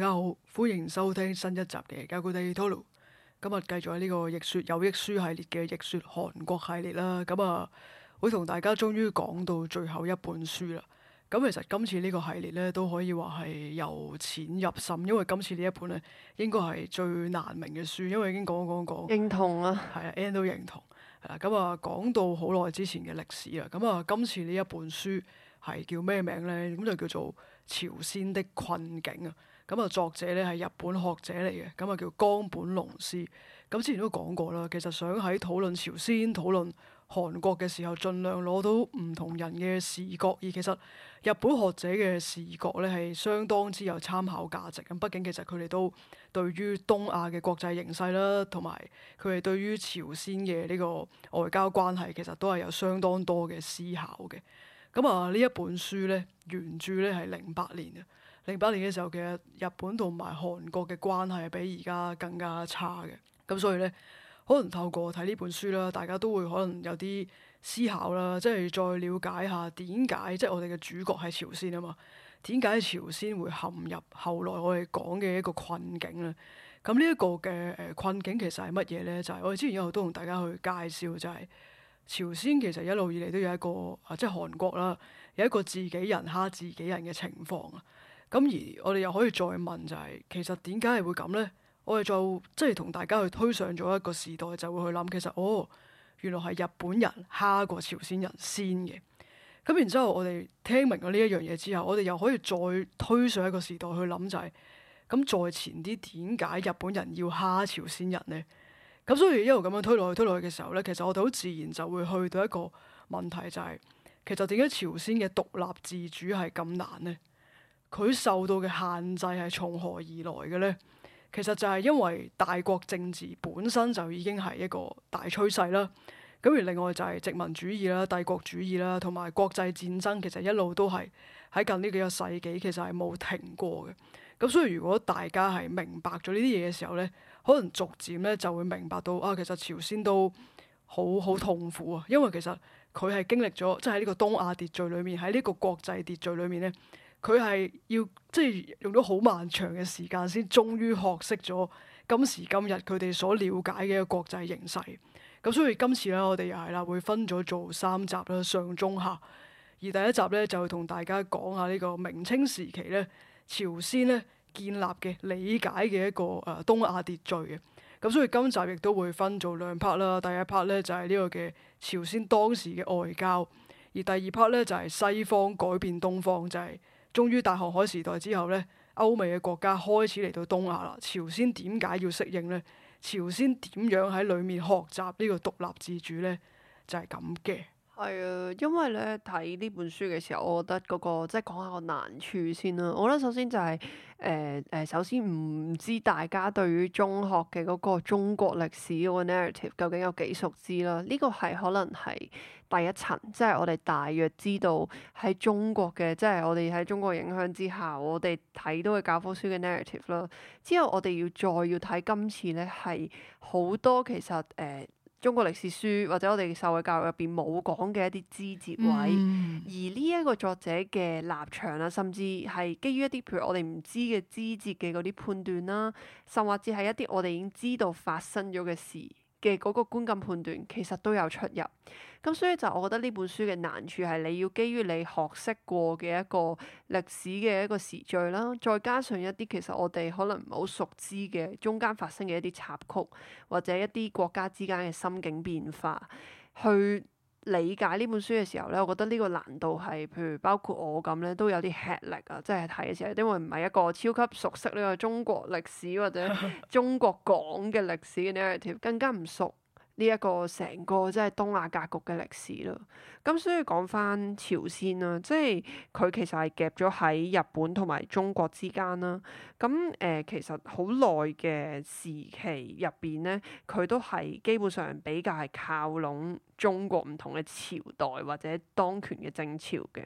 大家好，歡迎收聽新一集嘅教佢哋討 o 今日繼續喺呢個逆說有益書系列嘅逆說韓國系列啦。咁啊，會同大家終於講到最後一本書啦。咁其實今次呢個系列咧，都可以話係由淺入深，因為今次呢一本咧，應該係最難明嘅書，因為已經講講講，講認同啊，係啊，end 都認同。咁啊，講到好耐之前嘅歷史啊，咁啊，今次呢一本書係叫咩名咧？咁就叫做朝鮮的困境啊。咁啊，作者咧係日本學者嚟嘅，咁啊叫岡本隆司。咁之前都講過啦，其實想喺討論朝鮮、討論韓國嘅時候，盡量攞到唔同人嘅視角，而其實日本學者嘅視角咧係相當之有參考價值。咁畢竟其實佢哋都對於東亞嘅國際形勢啦，同埋佢哋對於朝鮮嘅呢個外交關係，其實都係有相當多嘅思考嘅。咁啊，呢一本書咧，原著咧係零八年嘅。零八年嘅時候，其實日本同埋韓國嘅關係係比而家更加差嘅。咁所以咧，可能透過睇呢本書啦，大家都會可能有啲思考啦，即係再了解下點解即係我哋嘅主角係朝鮮啊嘛？點解朝鮮會陷入後來我哋講嘅一個困境咧？咁呢一個嘅誒困境其實係乜嘢咧？就係我哋之前一路都同大家去介紹，就係朝鮮其實一路以嚟都有一個即係韓國啦，有一個自己人蝦自己人嘅情況啊。咁而我哋又可以再問、就是，就係其實點解係會咁咧？我哋就即係同大家去推上咗一個時代，就會去諗其實哦，原來係日本人蝦過朝鮮人先嘅。咁然之後我哋聽明咗呢一樣嘢之後，我哋又可以再推上一個時代去諗就係、是、咁再前啲點解日本人要蝦朝鮮人咧？咁所以一路咁樣推落去推落去嘅時候咧，其實我哋好自然就會去到一個問題、就是，就係其實點解朝鮮嘅獨立自主係咁難咧？佢受到嘅限制係從何而來嘅咧？其實就係因為大國政治本身就已經係一個大趨勢啦。咁而另外就係殖民主義啦、帝國主義啦，同埋國際戰爭，其實一路都係喺近呢幾個世紀，其實係冇停過嘅。咁所以如果大家係明白咗呢啲嘢嘅時候咧，可能逐漸咧就會明白到啊，其實朝鮮都好好痛苦啊，因為其實佢係經歷咗即係喺呢個東亞秩序裏面，喺呢個國際秩序裏面咧。佢係要即係、就是、用咗好漫長嘅時間，先終於學識咗今時今日佢哋所了解嘅國際形勢。咁所以今次咧，我哋又係啦，會分咗做三集啦，上中下。而第一集咧，就同大家講下呢個明清時期咧，朝鮮咧建立嘅理解嘅一個誒、呃、東亞秩序嘅。咁所以今集亦都會分做兩 part 啦。第一 part 咧就係、是、呢個嘅朝鮮當時嘅外交，而第二 part 咧就係、是、西方改變東方，就係、是。終於大航海時代之後咧，歐美嘅國家開始嚟到東亞啦。朝鮮點解要適應咧？朝鮮點樣喺裏面學習呢個獨立自主咧？就係咁嘅。係啊，因為咧睇呢本書嘅時候，我覺得嗰、嗰個即係講下個難處先啦。我覺得首先就係誒誒，首先唔知大家對於中學嘅嗰個中國歷史嗰個 narrative 究竟有幾熟知啦？呢、呢個係可能係。第一層即係我哋大約知道喺中國嘅，即係我哋喺中國影響之下，我哋睇到嘅教科書嘅 narrative 啦。之後我哋要再要睇今次咧，係好多其實誒、呃、中國歷史書或者我哋受嘅教育入邊冇講嘅一啲枝節位，嗯、而呢一個作者嘅立場啦，甚至係基於一啲譬如我哋唔知嘅枝節嘅嗰啲判斷啦，甚至係一啲我哋已經知道發生咗嘅事嘅嗰個觀感判斷其實都有出入，咁所以就我覺得呢本書嘅難處係你要基於你學識過嘅一個歷史嘅一個時序啦，再加上一啲其實我哋可能唔係好熟知嘅中間發生嘅一啲插曲，或者一啲國家之間嘅心境變化去理解呢本書嘅時候咧，我覺得呢個難度係，譬如包括我咁咧，都有啲吃力啊！即係睇嘅時候，因為唔係一個超級熟悉呢個中國歷史或者中國講嘅歷史嘅 narrative，更加唔熟。呢一個成個即係東亞格局嘅歷史咯，咁所以講返朝鮮啦，即係佢其實係夾咗喺日本同埋中國之間啦。咁誒、呃，其實好耐嘅時期入邊咧，佢都係基本上比較係靠攏中國唔同嘅朝代或者當權嘅政朝嘅。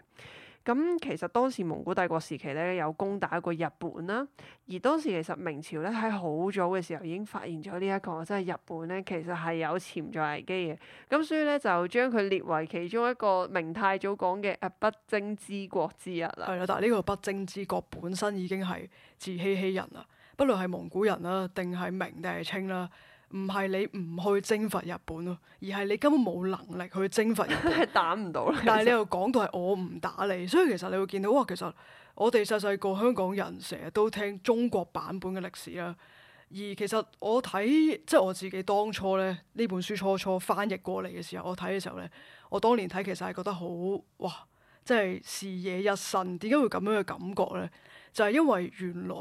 咁其實當時蒙古帝國時期咧，有攻打過日本啦。而當時其實明朝咧喺好早嘅時候已經發現咗呢一個，即係日本咧其實係有潛在危機嘅。咁所以咧就將佢列為其中一個明太祖講嘅不征之國之一啦。係啦，但係呢個不征之國本身已經係自欺欺人啦，不論係蒙古人啦，定係明定係清啦。唔係你唔去征伐日本咯，而係你根本冇能力去征伐日本，係 打唔到了。但係你又講到係我唔打你， 所以其實你會見到哇，其實我哋細細個香港人成日都聽中國版本嘅歷史啦。而其實我睇即係我自己當初咧呢本書初初翻譯過嚟嘅時候，我睇嘅時候咧，我當年睇其實係覺得好哇，即係視野一新。點解會咁樣嘅感覺咧？就係、是、因為原來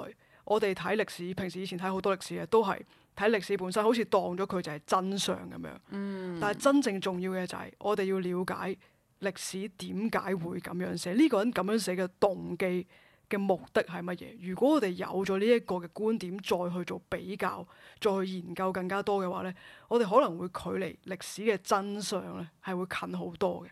我哋睇歷史，平時以前睇好多歷史嘅都係。睇歷史本身好似當咗佢就係真相咁樣，嗯、但係真正重要嘅就係、係、我哋要了解歷史點解會咁樣寫，呢、呢個人咁樣寫嘅動機嘅目的係乜嘢？如果我哋有咗呢一個嘅觀點，再去做比較，再去研究更加多嘅話咧，我哋可能會距離歷史嘅真相咧係會近好多嘅。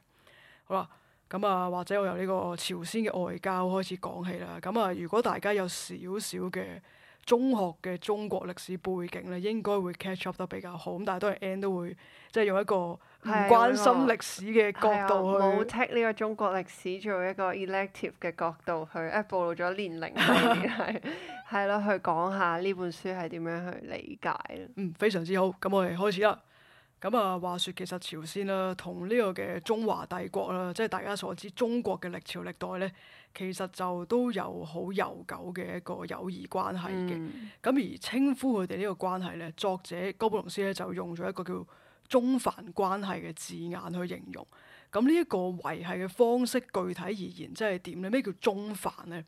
好啦，咁啊，或者我由呢個朝鮮嘅外交開始講起啦。咁啊，如果大家有少少嘅，中學嘅中國歷史背景咧，應該會 catch up 得比較好。咁但係都係 end 都會即係用一個唔關心歷史嘅角度，去，冇 take 呢個中國歷史做一個 elective 嘅角度去，一、哎、暴露咗年齡問題。係咯， 去講下呢本書係點樣去理解。 嗯，非常之好。咁我哋開始啦。咁啊，話說其實朝鮮啦、啊，同呢個嘅中華帝國啦，即係大家所知中國嘅歷朝歷代咧。其實就都有好悠久嘅一個友誼關係嘅，咁、嗯、而稱呼佢哋呢個關係咧，作者高布隆斯咧就用咗一個叫宗藩關係嘅字眼去形容。咁呢一個維繫嘅方式，具體而言即係點咧？咩叫宗藩咧？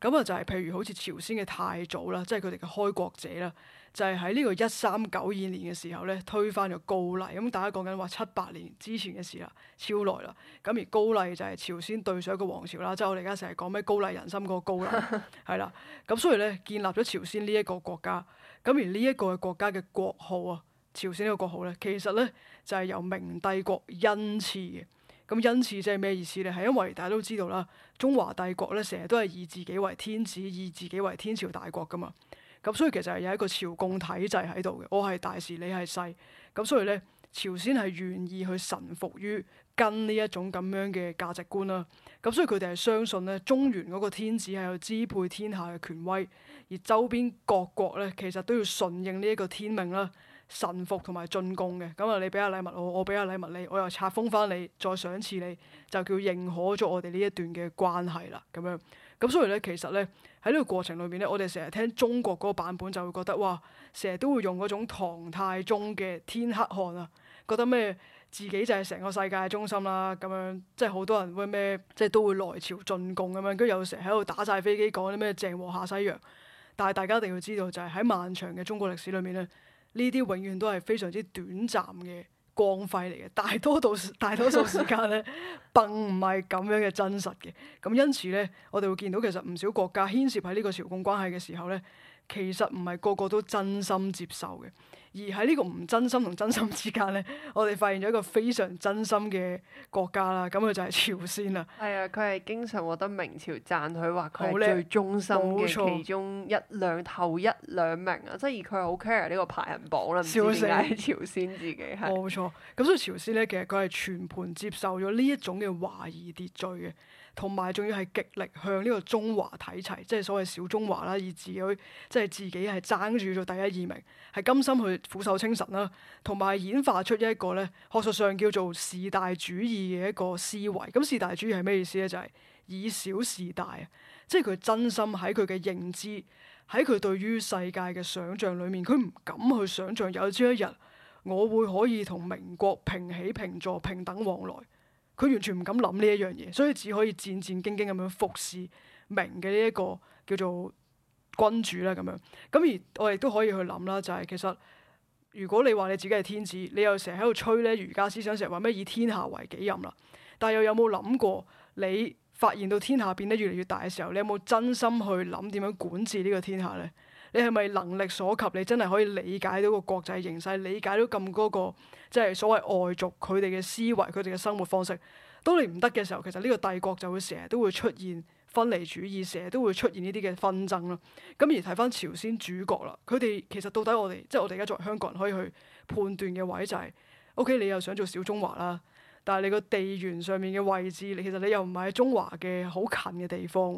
咁啊就係譬如好似朝鮮嘅太祖啦，即係佢哋嘅開國者啦。就係喺呢個一三九二年嘅時候咧，推翻咗高麗。咁大家講緊話七百年之前嘅事啦，超耐啦。咁而高麗就係朝鮮對上一個王朝啦，即係我哋而家成日講咩高麗人心嗰個高啦，係啦。 咁所以咧，建立咗朝鮮呢一個國家。咁而呢一個嘅國家嘅國號啊，朝鮮呢個國號咧，其實咧就係、是、由明帝國恩賜嘅。咁恩賜即係咩意思咧？係因為大家都知道啦，中華帝國咧成日都係以自己為天子，以自己為天朝大國噶嘛。咁、嗯、所以其實係有一個朝貢體制喺度嘅，我係大事，你係細。咁、嗯、所以咧，朝鮮係願意去臣服於跟呢一種咁樣嘅價值觀啦。咁、嗯、所以佢哋係相信咧，中原嗰個天子係有支配天下嘅權威，而周邊各國咧其實都要順應呢一個天命啦，臣服同埋進貢嘅。咁、嗯、啊，你俾下禮物我，我俾下禮物你，我又冊封翻你，再賞賜你，就叫認可咗我哋呢一段嘅關係啦。咁樣。咁、嗯、所以咧，其實咧喺呢個過程裏邊咧，我哋成日聽中國嗰個版本就會覺得哇，成日都會用嗰種唐太宗嘅天黑汗啊，覺得咩自己就係成個世界嘅中心啦、啊，咁樣即係好多人會咩，即係都會來朝進貢咁樣，跟住又成日喺度打晒飛機講啲咩鄭和下西洋。但係大家一定要知道，就係喺漫長嘅中國歷史裏面咧，呢啲永遠都係非常之短暫嘅。光輝嚟嘅，大多數大多數時間咧， 並唔係咁樣嘅真實嘅。咁因此咧，我哋會見到其實唔少國家牽涉喺呢個朝貢關係嘅時候咧，其實唔係個個都真心接受嘅。而喺呢個唔真心同真心之間咧，我哋發現咗一個非常真心嘅國家啦。咁佢就係朝鮮啦。係啊，佢係經常獲得明朝讚佢，話佢係最忠心嘅其中一兩頭一兩名啊！即係而佢好 care 呢個排行榜啦，唔知點解朝鮮自己。冇 錯。咁所以朝鮮咧，其實佢係全盤接受咗呢一種嘅華夷秩序嘅，同埋仲要係極力向呢個中華睇齊，即係所謂小中華啦，以自己，即係自己係爭住咗第一二名，係甘心去俯首稱臣啦，同埋演化出一個咧，學術上叫做事大主義嘅一個思維，咁事大主義係咩意思咧？就係、是、以小事大啊！即係佢真心喺佢嘅認知，喺佢對於世界嘅想象裏面，佢唔敢去想象有朝一日我會可以同明國平起平坐，平等往來，佢完全唔敢諗呢一樣嘢，所以只可以戰戰兢兢咁樣服侍明嘅呢一個叫做君主啦咁樣，咁而我哋都可以去諗啦，就係、是、其實。如果你話你自己係天子，你又成日喺度吹咧，儒家思想，成日話咩以天下為己任啦，但係又有冇諗過你發現到天下變得越嚟越大嘅時候，你有冇真心去諗點樣管治呢個天下咧？你係咪能力所及，你真係可以理解到個國際形勢，理解到咁多個即係所謂外族佢哋嘅思維，佢哋嘅生活方式？當你唔得嘅時候，其實呢個帝國就會成日都會出現。分離主義成日都會出現呢啲嘅紛爭咯，咁而睇翻朝鮮主角啦，佢哋其實到底我哋即係我哋而家作為香港人可以去判斷嘅位就係，OK 你又想做小中華啦，但係你個地緣上面嘅位置，你其實你又唔係喺中華嘅好近嘅地方，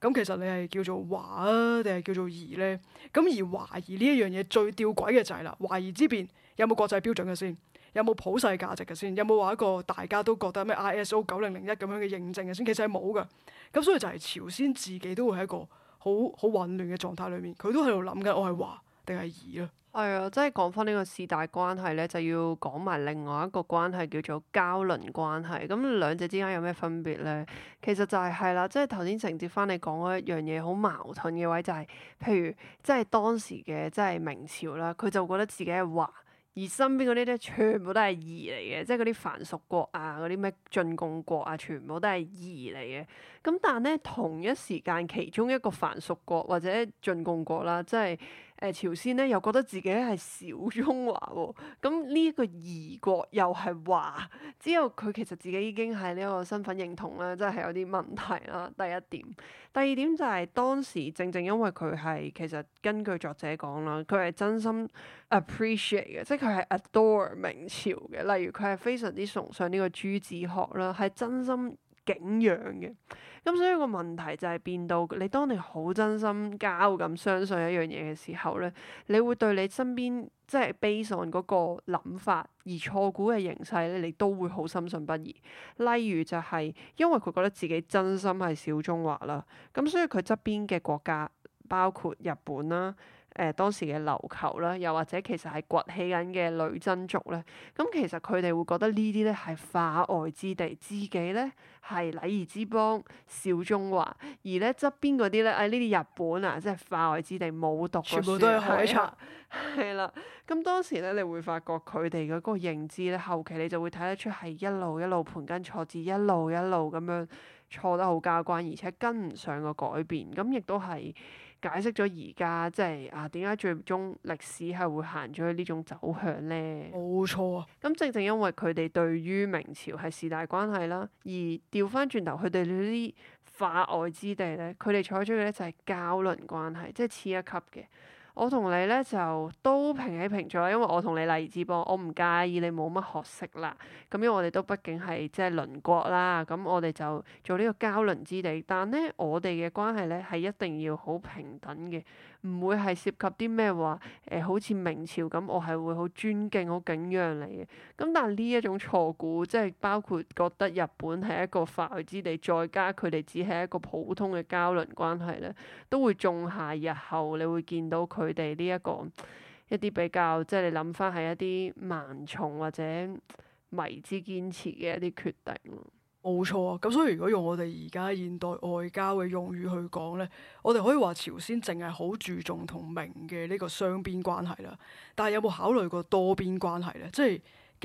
咁其實你係叫做華啊定係叫做夷咧？咁而華夷呢一樣嘢最吊詭嘅就係啦，華夷之辯有冇國際標準嘅先？有冇普世價值嘅先？有冇話一個大家都覺得咩 ISO 九零零一咁樣嘅認證嘅先？其實係冇㗎。咁所以就係朝鮮自己都會喺一個好好混亂嘅狀態裏面，佢都喺度諗緊我係華定係夷咯。係啊、哎，即係講翻呢個事大關係咧，就要講埋另外一個關係叫做交鄰關係。咁兩者之間有咩分別咧？其實就係係啦，即係頭先承接翻你講嗰一樣嘢，好矛盾嘅位就係、是，譬如即係當時嘅即係明朝啦，佢就覺得自己係華。而身邊嗰啲咧，全部都係夷嚟嘅，即係嗰啲藩屬國啊，嗰啲咩進貢國啊，全部都係夷嚟嘅。咁但咧，同一時間，其中一個藩屬國或者進貢國啦，即係。誒、呃、朝鮮咧又覺得自己係小中華喎，咁呢一個異國又係話，之後佢其實自己已經係呢一個身份認同啦，真係有啲問題啦。第一點，第二點就係、是、當時正正因為佢係其實根據作者講啦，佢係真心 appreciate 嘅，即佢係 adore 明朝嘅。例如佢係非常之崇尚呢個朱子學啦，係真心，景仰嘅，咁、嗯、所以個問題就係變到你當你好真心交咁相信一樣嘢嘅時候咧，你會對你身邊即係 base on 嗰個諗法而錯估嘅形勢咧，你都會好深信不疑。例如就係因為佢覺得自己真心係小中華啦，咁、嗯、所以佢側邊嘅國家包括日本啦。誒、呃、當時嘅琉球啦，又或者其實係崛起緊嘅女真族咧，咁、嗯、其實佢哋會覺得呢啲咧係化外之地，自己咧係禮儀之邦，小中華，而咧側邊嗰啲咧，誒呢啲日本啊，即係化外之地，冇讀書，全部都係海賊，係、啊、啦。咁、嗯、當時咧，你會發覺佢哋嗰個認知咧，後期你就會睇得出係一路一路盤根錯節，一路一路咁樣錯得好交關，而且跟唔上個改變，咁亦都係。嗯解釋咗而家即係啊點解最終歷史係會行咗去呢種走向咧？冇錯啊！咁正正因為佢哋對於明朝係事大關係啦，而調返轉頭佢哋呢啲化外之地咧，佢哋採取嘅咧就係交鄰關係，即係次一級嘅。我同你呢就都平起平坐，因為我同你荔枝幫，我唔介意你冇乜學識啦。咁樣我哋都畢竟係即係鄰國啦，咁我哋就做呢個交鄰之地。但呢我哋嘅關係呢係一定要好平等嘅。唔會係涉及啲咩話誒？好似明朝咁，我係會好尊敬、好景仰你嘅。咁但係呢一種錯估，即係包括覺得日本係一個化外之地，再加佢哋只係一個普通嘅交流關係咧，都會種下日後你會見到佢哋呢一個一啲比較即係你諗翻係一啲盲從或者迷之堅持嘅一啲決定咯。冇錯啊，咁所以如果用我哋而家現代外交嘅用語去講咧，我哋可以話朝鮮淨係好注重同明嘅呢個雙邊關係啦。但係有冇考慮過多邊關係咧？即係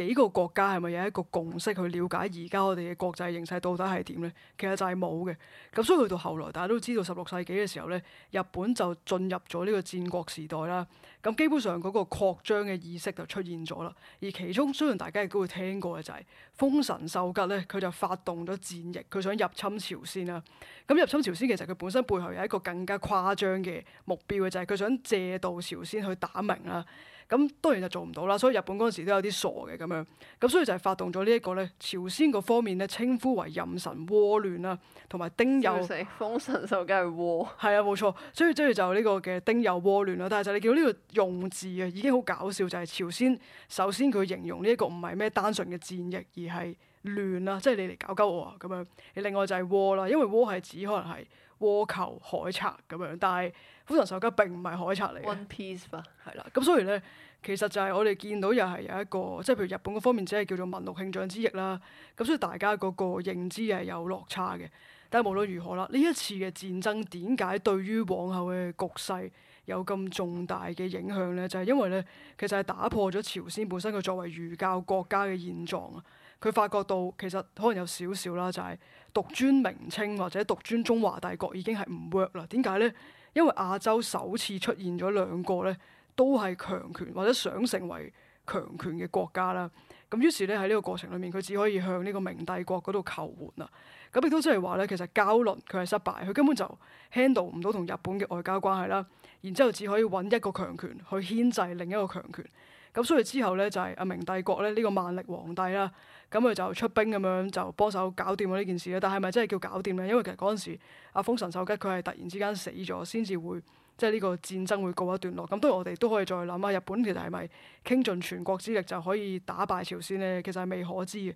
幾個國家係咪有一個共識去了解而家我哋嘅國際形勢到底係點咧？其實就係冇嘅。咁所以去到後來，大家都知道十六世紀嘅時候咧，日本就進入咗呢個戰國時代啦。咁基本上嗰個擴張嘅意識就出現咗啦。而其中雖然大家亦都會聽過嘅就係、是、封神受吉咧，佢就發動咗戰役，佢想入侵朝鮮啦。咁入侵朝鮮其實佢本身背後有一個更加誇張嘅目標嘅，就係、是、佢想借道朝鮮去打明啦。咁當然就做唔到啦，所以日本嗰陣時都有啲傻嘅咁樣。咁所以就係發動咗呢一個咧，朝鮮嗰方面咧稱呼為壬辰倭亂啦，同埋丁酉豐臣秀吉係倭，係啊冇錯。所以跟住就呢個嘅丁酉倭亂啦。但係就你見到呢、這個。用字啊，已經好搞笑，就係、是、朝鮮首先佢形容呢一個唔係咩單純嘅戰役，而係亂啦、啊，即係你嚟搞鳩我啊。咁樣。另外就係倭啦，因為倭係指可能係倭寇海賊咁樣，但係《海賊王》首集並唔係海賊嚟嘅。One Piece 啦，係啦。咁所以咧，其實就係我哋見到又係有一個，即係譬如日本嗰方面只係叫做文祿慶長之役啦。咁所以大家嗰個認知係有落差嘅。但係無論如何啦，呢一次嘅戰爭點解對於往後嘅局勢，有咁重大嘅影響咧，就係因為咧，其實係打破咗朝鮮本身佢作為儒教國家嘅現狀啊！佢發覺到其實可能有少少啦，就係獨尊明清或者獨尊中華大國已經係唔 work 啦。點解咧？因為亞洲首次出現咗兩個咧，都係強權或者想成為強權嘅國家啦。咁於是咧，喺呢個過程裏面，佢只可以向呢個明帝國嗰度求援啊！咁亦都即係話咧，其實交鄰佢係失敗，佢根本就 handle 唔到同日本嘅外交關係啦。然之後只可以揾一個強權去牽制另一個強權，咁所以之後咧就係、是、阿明帝國咧呢、這個萬曆皇帝啦，咁佢就出兵咁樣就幫手搞掂咗呢件事啦。但係咪真係叫搞掂咧？因為其實嗰陣時阿豐臣秀吉佢係突然之間死咗，先至會即係呢個戰爭會告一段落。咁不如我哋都可以再諗下，日本其實係咪傾盡全國之力就可以打敗朝鮮咧？其實係未可知嘅。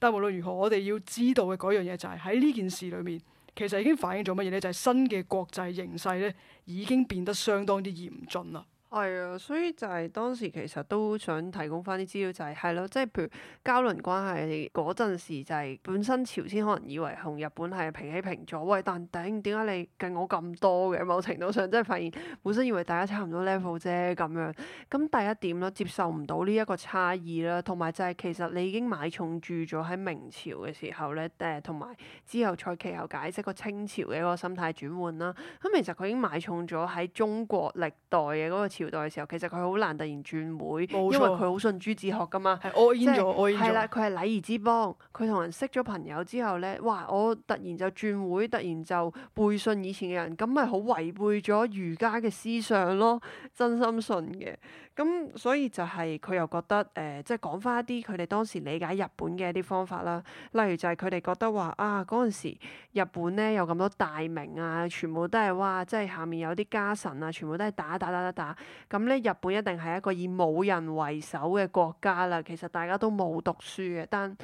但係無論如何，我哋要知道嘅嗰樣嘢就係喺呢件事裏面。其實已經反映咗乜嘢呢？就係新嘅國際形勢咧，已經變得相當之嚴峻啦。係啊，所以就係當時其實都想提供翻啲資料、就是，就係係咯，即係譬如交鄰關係嗰陣時，就係本身朝鮮可能以為同日本係平起平坐，喂，但頂點解你勁我咁多嘅？某程度上即係發現本身以為大家差唔多 level 啫咁樣。咁第一點咯，接受唔到呢一個差異啦，同埋就係其實你已經買重住咗喺明朝嘅時候咧，誒、呃，同埋之後再其後解釋個、就是、清朝嘅一個心態轉換啦。咁其實佢已經買重咗喺中國歷代嘅嗰個朝時代嘅時候，其實佢好難突然轉會，錯因為佢好信朱子學噶嘛，係我厭咗，我厭咗。啦、就是，佢係禮儀之邦，佢同人識咗朋友之後咧，哇！我突然就轉會，突然就背信以前嘅人，咁咪好違背咗儒家嘅思想咯。真心信嘅，咁所以就係佢又覺得誒，即係講翻一啲佢哋當時理解日本嘅一啲方法啦。例如就係佢哋覺得話啊，嗰陣時日本咧有咁多大名啊，全部都係哇，即係下面有啲家臣啊，全部都係打打打打打打打。咁咧，日本一定係一個以冇人為首嘅國家啦。其實大家都冇讀書嘅，但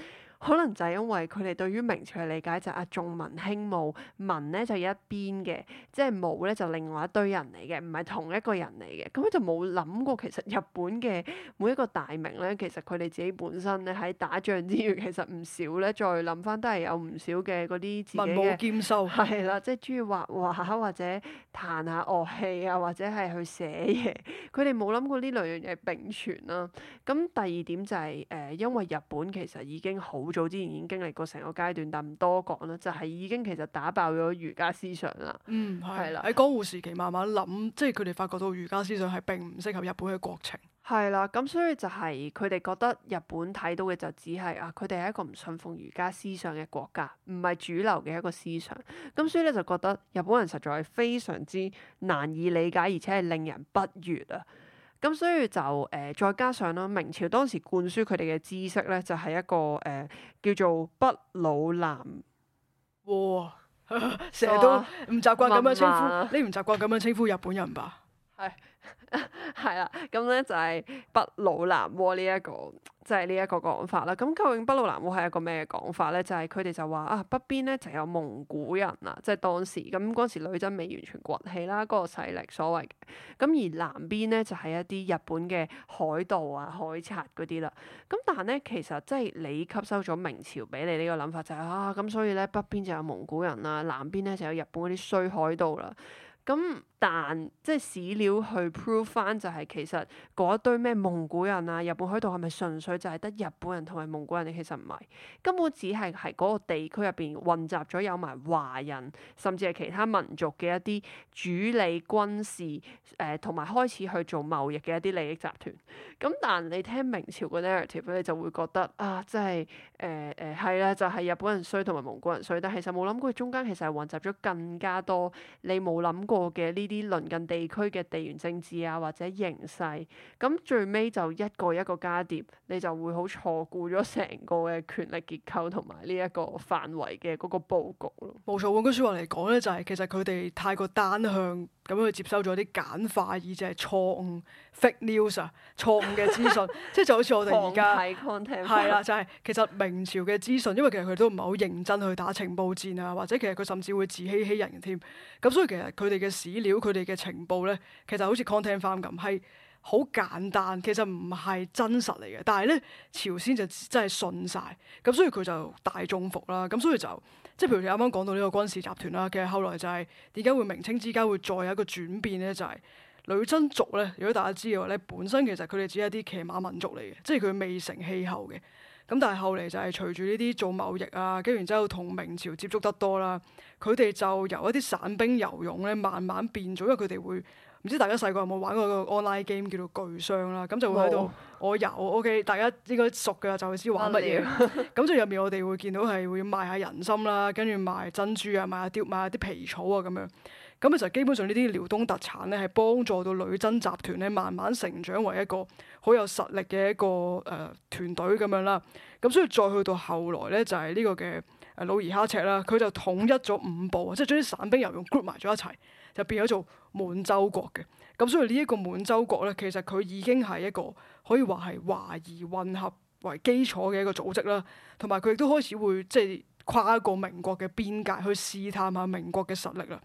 可能就係因為佢哋對於明朝嘅理解就係啊，重文輕武，文咧就有一邊嘅，即係武咧就另外一堆人嚟嘅，唔係同一個人嚟嘅，咁佢就冇諗過。其實日本嘅每一個大名咧，其實佢哋自己本身咧喺打仗之餘其實唔少咧再諗翻都係有唔少嘅嗰啲文武兼修，係啦，即係中意畫畫或者彈下樂器啊，或者係去寫嘢，佢哋冇諗過呢兩樣嘢並存啦。咁第二點就係、是、誒、呃，因為日本其實已經好。早之前已經經歷過成個階段，但唔多講啦，就係已經其實打爆咗儒家思想啦。嗯，係啦，喺江戶時期慢慢諗，即係佢哋發覺到儒家思想係並唔適合日本嘅國情。係啦，咁所以就係佢哋覺得日本睇到嘅就只係啊，佢哋係一個唔信奉儒家思想嘅國家，唔係主流嘅一個思想。咁所以咧就覺得日本人實在係非常之難以理解，而且係令人不悦啊。咁所以就誒、呃，再加上啦，明朝當時灌輸佢哋嘅知識咧，就係、是、一個誒、呃、叫做北虜南倭，成日哇 都唔習慣咁樣稱呼，哇你唔習慣咁樣稱呼日本人吧？係，係啦， 咁咧就係北虜南倭呢一個，即係呢一個講法啦。咁究竟北虜南倭係一個咩講法咧？就係佢哋就話啊，北邊咧就有蒙古人啦，即、就、係、是、當時咁嗰時女真未完全崛起啦，嗰、那個勢力所謂嘅。咁而南邊咧就係、是、一啲日本嘅海盜啊、海賊嗰啲啦。咁但係咧其實即係你吸收咗明朝俾你呢個諗法就係、是、啊，咁所以咧北邊就有蒙古人啦、啊，南邊咧就有日本嗰啲衰海盜啦、啊。咁但即係史料去 prove 翻就係其實嗰一堆咩蒙古人啊、日本海盜係咪純粹就係得日本人同埋蒙古人嘅？其實唔係，根本只係係嗰個地區入邊混雜咗有埋華人，甚至係其他民族嘅一啲主理軍事誒同埋開始去做貿易嘅一啲利益集團，咁、嗯、但你聽明朝嘅 narrative，咧就會覺得啊，即係誒誒係啦，就係、是、日本人衰同埋蒙古人衰。但其實冇諗過中間其實係混雜咗更加多你冇諗過嘅呢啲？啲鄰近地區嘅地緣政治啊，或者形勢，咁最尾就一個一個加疊，你就會好錯估咗成個嘅權力結構同埋呢一個範圍嘅嗰個佈局咯。冇錯，換句説話嚟講咧，就係、是、其實佢哋太過單向咁樣去接收咗啲簡化而就係錯誤 fake news， 錯誤嘅資訊，即係 就，就好似我哋而家係啦，就係、是、其實明朝嘅資訊，因為其實佢都唔係好認真去打情報戰啊，或者其實佢甚至會自欺欺人㗎添。咁所以其實佢哋嘅史料。佢哋嘅情報咧，其實好似 content farm 咁，係好簡單，其實唔係真實嚟嘅。但係咧，朝鮮就真係信晒，咁所以佢就大中伏啦。咁所以就即係譬如你啱啱講到呢個軍事集團啦。其實後來就係點解會明清之間會再有一個轉變咧？就係、是、女真族咧。如果大家知嘅話咧，本身其實佢哋只係一啲騎馬民族嚟嘅，即係佢未成氣候嘅。咁但係後嚟就係隨住呢啲做貿易啊，跟住然之後同明朝接觸得多啦，佢哋就由一啲散兵游勇咧，慢慢變咗，因為佢哋會唔知大家細個有冇玩過個 online game 叫做巨商啦，咁就會喺度哇我遊，OK，大家應該熟嘅，就會知玩乜嘢。咁就入面我哋會見到係會賣下人參啦，跟住賣珍珠啊，賣下貂賣下啲皮草啊咁樣。咁啊，就基本上呢啲遼東特產咧，係幫助到女真集團咧，慢慢成長為一個好有實力嘅一個誒團隊咁樣啦。咁所以再去到後來咧，就係呢個嘅努爾哈赤啦，佢就統一咗五部，即係將啲散兵游勇 group 埋咗一齊，就變咗做滿洲國嘅。咁所以呢一個滿洲國咧，其實佢已經係一個可以話係華夷混合為基礎嘅一個組織啦。同埋佢亦都開始會即係跨過明國嘅邊界去試探下明國嘅實力啦。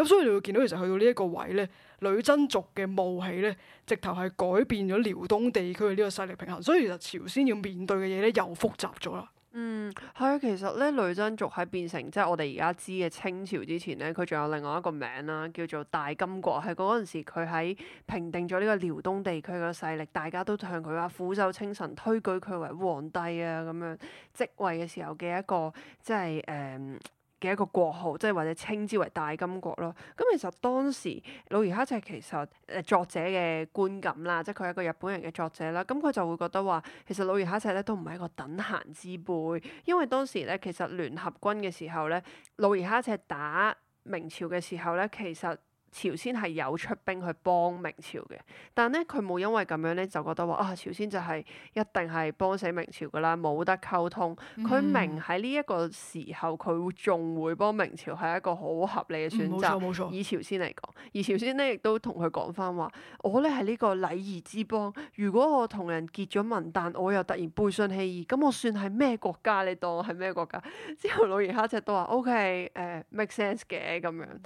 咁所以你會見到其實去到呢一個位咧，女真族嘅冒起咧，直頭係改變咗遼東地區嘅呢個勢力平衡，所以其實朝鮮要面對嘅嘢咧又複雜咗啦。嗯，係啊，其實咧，女真族喺變成即係我哋而家知嘅清朝之前咧，佢仲有另外一個名啦，叫做大金國。係嗰陣時佢喺平定咗呢個遼東地區嘅勢力，大家都向佢話俯首稱臣，推舉佢為皇帝啊，咁樣即位嘅時候嘅一個即係誒。嗯嘅一個國號，即係或者稱之為大金國咯。咁、嗯、其實當時努爾哈赤其實誒作者嘅觀感啦，即佢係一個日本人嘅作者啦。咁、嗯、佢就會覺得話，其實努爾哈赤咧都唔係一個等閒之輩，因為當時咧其實聯合軍嘅時候咧，努爾哈赤打明朝嘅時候咧，其實。朝鮮係有出兵去幫明朝嘅，但咧佢冇因為咁樣咧就覺得話啊，朝鮮就係、是、一定係幫死明朝噶啦，冇得溝通。佢、嗯、明喺呢一個時候，佢仲會幫明朝係一個好合理嘅選擇。嗯、以朝鮮嚟講，而朝鮮咧亦都同佢講翻話，我咧係呢個禮儀之邦。如果我同人結咗盟，但我又突然背信棄義，咁我算係咩國家？你當我係咩國家？之後努爾哈赤都話，OK，誒、呃、make sense 嘅咁樣。嗯。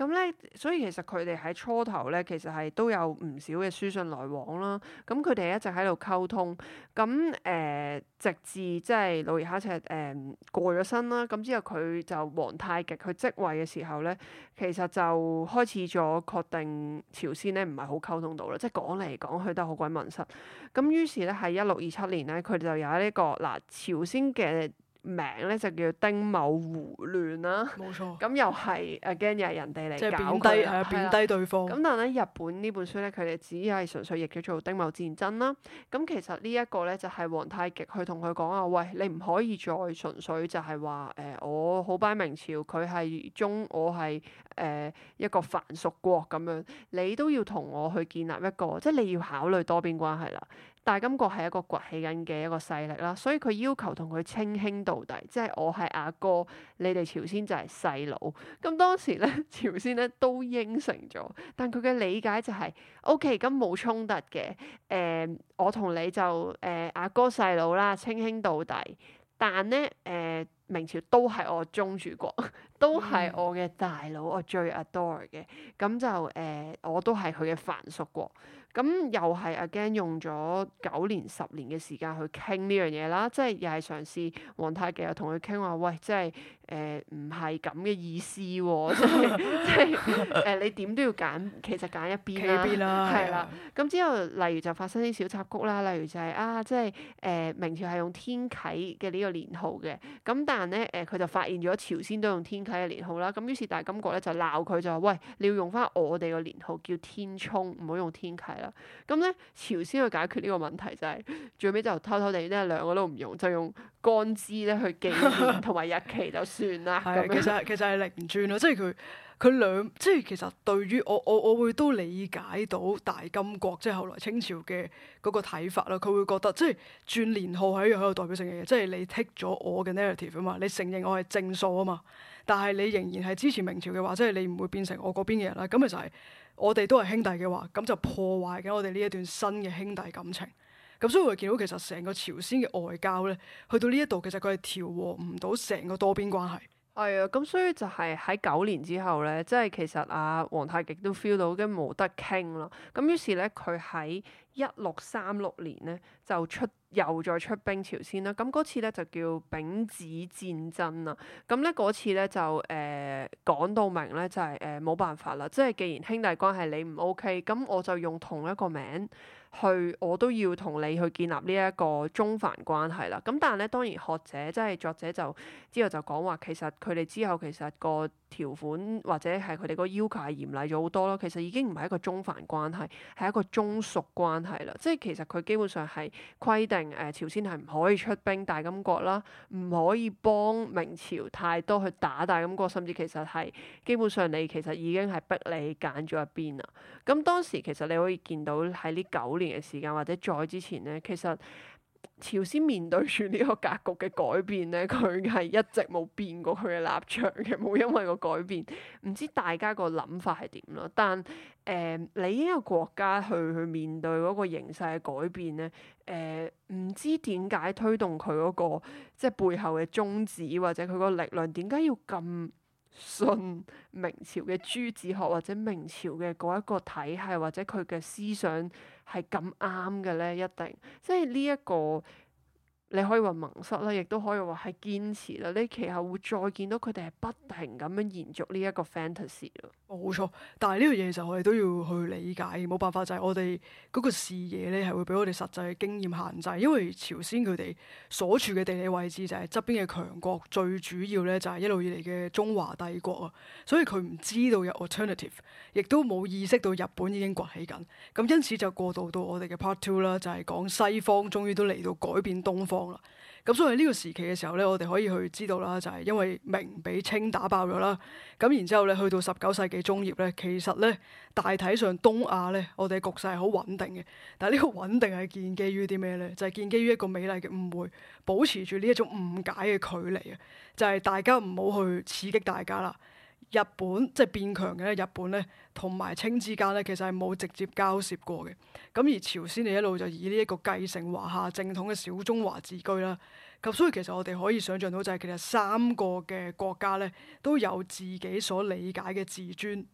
咁咧，所以其實佢哋喺初頭咧，其實係都有唔少嘅書信來往啦。咁佢哋一直喺度溝通。咁誒、呃，直至即係努爾哈赤誒、呃、過咗身啦。咁之後佢就皇太極佢即位嘅時候咧，其實就開始咗確定朝鮮咧唔係好溝通到啦。即係講嚟講去都係好鬼悶塞。咁於是咧喺一六二七年咧，佢哋就有一、呢個嗱朝鮮嘅。名咧就叫丁卯胡亂啦，咁錯又係 again 又人哋嚟搞佢，係啊，貶低對方。咁、啊、但係咧日本呢本書咧，佢哋只係純粹譯叫做丁卯戰爭啦。咁其實呢一個咧就係、是、皇太極去同佢講啊，喂，你唔可以再純粹就係話誒我好拜明朝佢係中我係誒、呃、一個藩屬國咁樣，你都要同我去建立一個，即、就是、你要考慮多邊關係啦。大金國係一個崛起緊嘅一個勢力啦，所以佢要求同佢稱兄道弟，即係我係阿哥，你哋朝鮮就係細佬。咁當時咧，朝鮮咧都應承咗，但佢嘅理解就係 OK，咁冇衝突嘅。誒、呃，我同你就誒阿哥細佬啦，稱兄道弟。但咧誒、呃、明朝都係我宗主國，都係我嘅大佬，我最 adore 嘅。咁就誒、呃、我都係佢嘅藩屬國。咁、嗯、又係 again 用咗九年十年嘅時間去傾呢樣嘢啦，即係又係嘗試皇太極又同佢傾話，喂，即係誒唔係咁嘅意思喎、哦， 即係即係誒你點都要揀，其實揀一邊啦，係啦。咁啦、嗯嗯、之後例如就發生啲小插曲啦，例如就係、是、啊，即係誒、呃、明朝係用天啟嘅呢個年號嘅，咁但係咧誒佢就發現咗朝鮮都用天啟嘅年號啦，咁於是大金國咧就鬧佢就話，喂，你要用翻我哋個年號叫天聰，唔好用天啟。咁咧朝鮮去解決呢個問題就係、是、最尾就偷偷地即係兩個都唔用，就用干支咧去記同埋日期就算啦。係 這樣 其實其實係逆唔轉咯，即係佢佢兩即係其實對於我我我會都理解到大金國即係後來清朝嘅嗰個睇法啦。佢會覺得即係轉年號係一個好有代表性嘅嘢，即係你剔咗我嘅 narrative 啊嘛，你承認我係正數啊嘛，但係你仍然係支持明朝嘅話，即係你唔會變成我嗰邊嘅人啦。咁其實係。我哋都係兄弟嘅話，咁就破壞緊我哋呢一段新嘅兄弟感情。咁所以我哋見到其實成個朝鮮嘅外交咧，去到呢一度其實佢係調和唔到成個多邊關係。係啊，咁、哎、所以就係喺九年之後咧，即係其實阿、啊、皇太極都 feel 到，跟住冇得傾啦。咁於是咧，佢喺一六三六年咧就出又再出兵朝鮮啦。咁嗰次咧就叫丙子戰爭啊。咁咧嗰次咧就誒講、呃、到明咧就係誒冇辦法啦。即係既然兄弟關係你唔 OK，咁我就用同一個名。去我都要同你去建立呢一個中繁關係啦。咁但係咧，當然學者即係作者就之後就講話，其實佢哋之後其實個條款或者係佢哋個要求係嚴厲咗好多咯，其實已經唔係一個中藩關係，係一個中屬關係啦。即係其實佢基本上係規定誒，朝鮮係唔可以出兵大金國啦，唔可以幫明朝太多去打大金國，甚至其實係基本上你其實已經係逼你揀咗一邊啦。咁當時其實你可以見到喺呢九年嘅時間或者再之前咧，其實。朝鮮面對住呢個格局嘅改變咧，佢係一直冇變過佢嘅立場嘅，冇因為個改變。唔知大家個諗法係點咯？但誒、呃，你呢個國家去去面對嗰個形勢嘅改變咧，誒、呃，唔知點解推動佢嗰、嗰個即係、即係、背後嘅宗旨或者佢個力量點解要咁？信明朝嘅朱子學，或者明朝嘅嗰一個體系，或者佢嘅思想係咁啱嘅咧，一定即係呢一個。你可以話盟塞啦，亦都可以話係堅持啦。你其後會再見到佢哋係不停咁樣延續呢一個 fantasy 咯。冇錯，但係呢樣嘢就我哋都要去理解，冇辦法就係我哋嗰個視野咧係會俾我哋實際嘅經驗限制。因為朝鮮佢哋所處嘅地理位置就係側邊嘅強國，最主要咧就係一路以嚟嘅中華帝國啊，所以佢唔知道有 alternative，亦都冇意識到日本已經崛起緊。咁因此就過渡到我哋嘅 part two 啦，就係講西方終於都嚟到改變東方。咁、啊、所以呢個時期嘅時候咧，我哋可以去知道啦，就係、是、因為明俾清打爆咗啦，咁然之後咧，去到十九世紀中葉咧，其實咧大體上東亞咧，我哋局勢係好穩定嘅，但係呢個穩定係建基於啲咩咧？就係、是、建基於一個美麗嘅誤會，保持住呢一種誤解嘅距離啊，就係、是、大家唔好去刺激大家啦。日本即係變強嘅咧，日本咧同埋清之間咧，其實係冇直接交涉過嘅。咁而朝鮮咧一路就以呢一個繼承華夏正統嘅小中華自居啦。咁所以其實我哋可以想像到就係其實三個嘅國家咧都有自己所理解嘅自尊。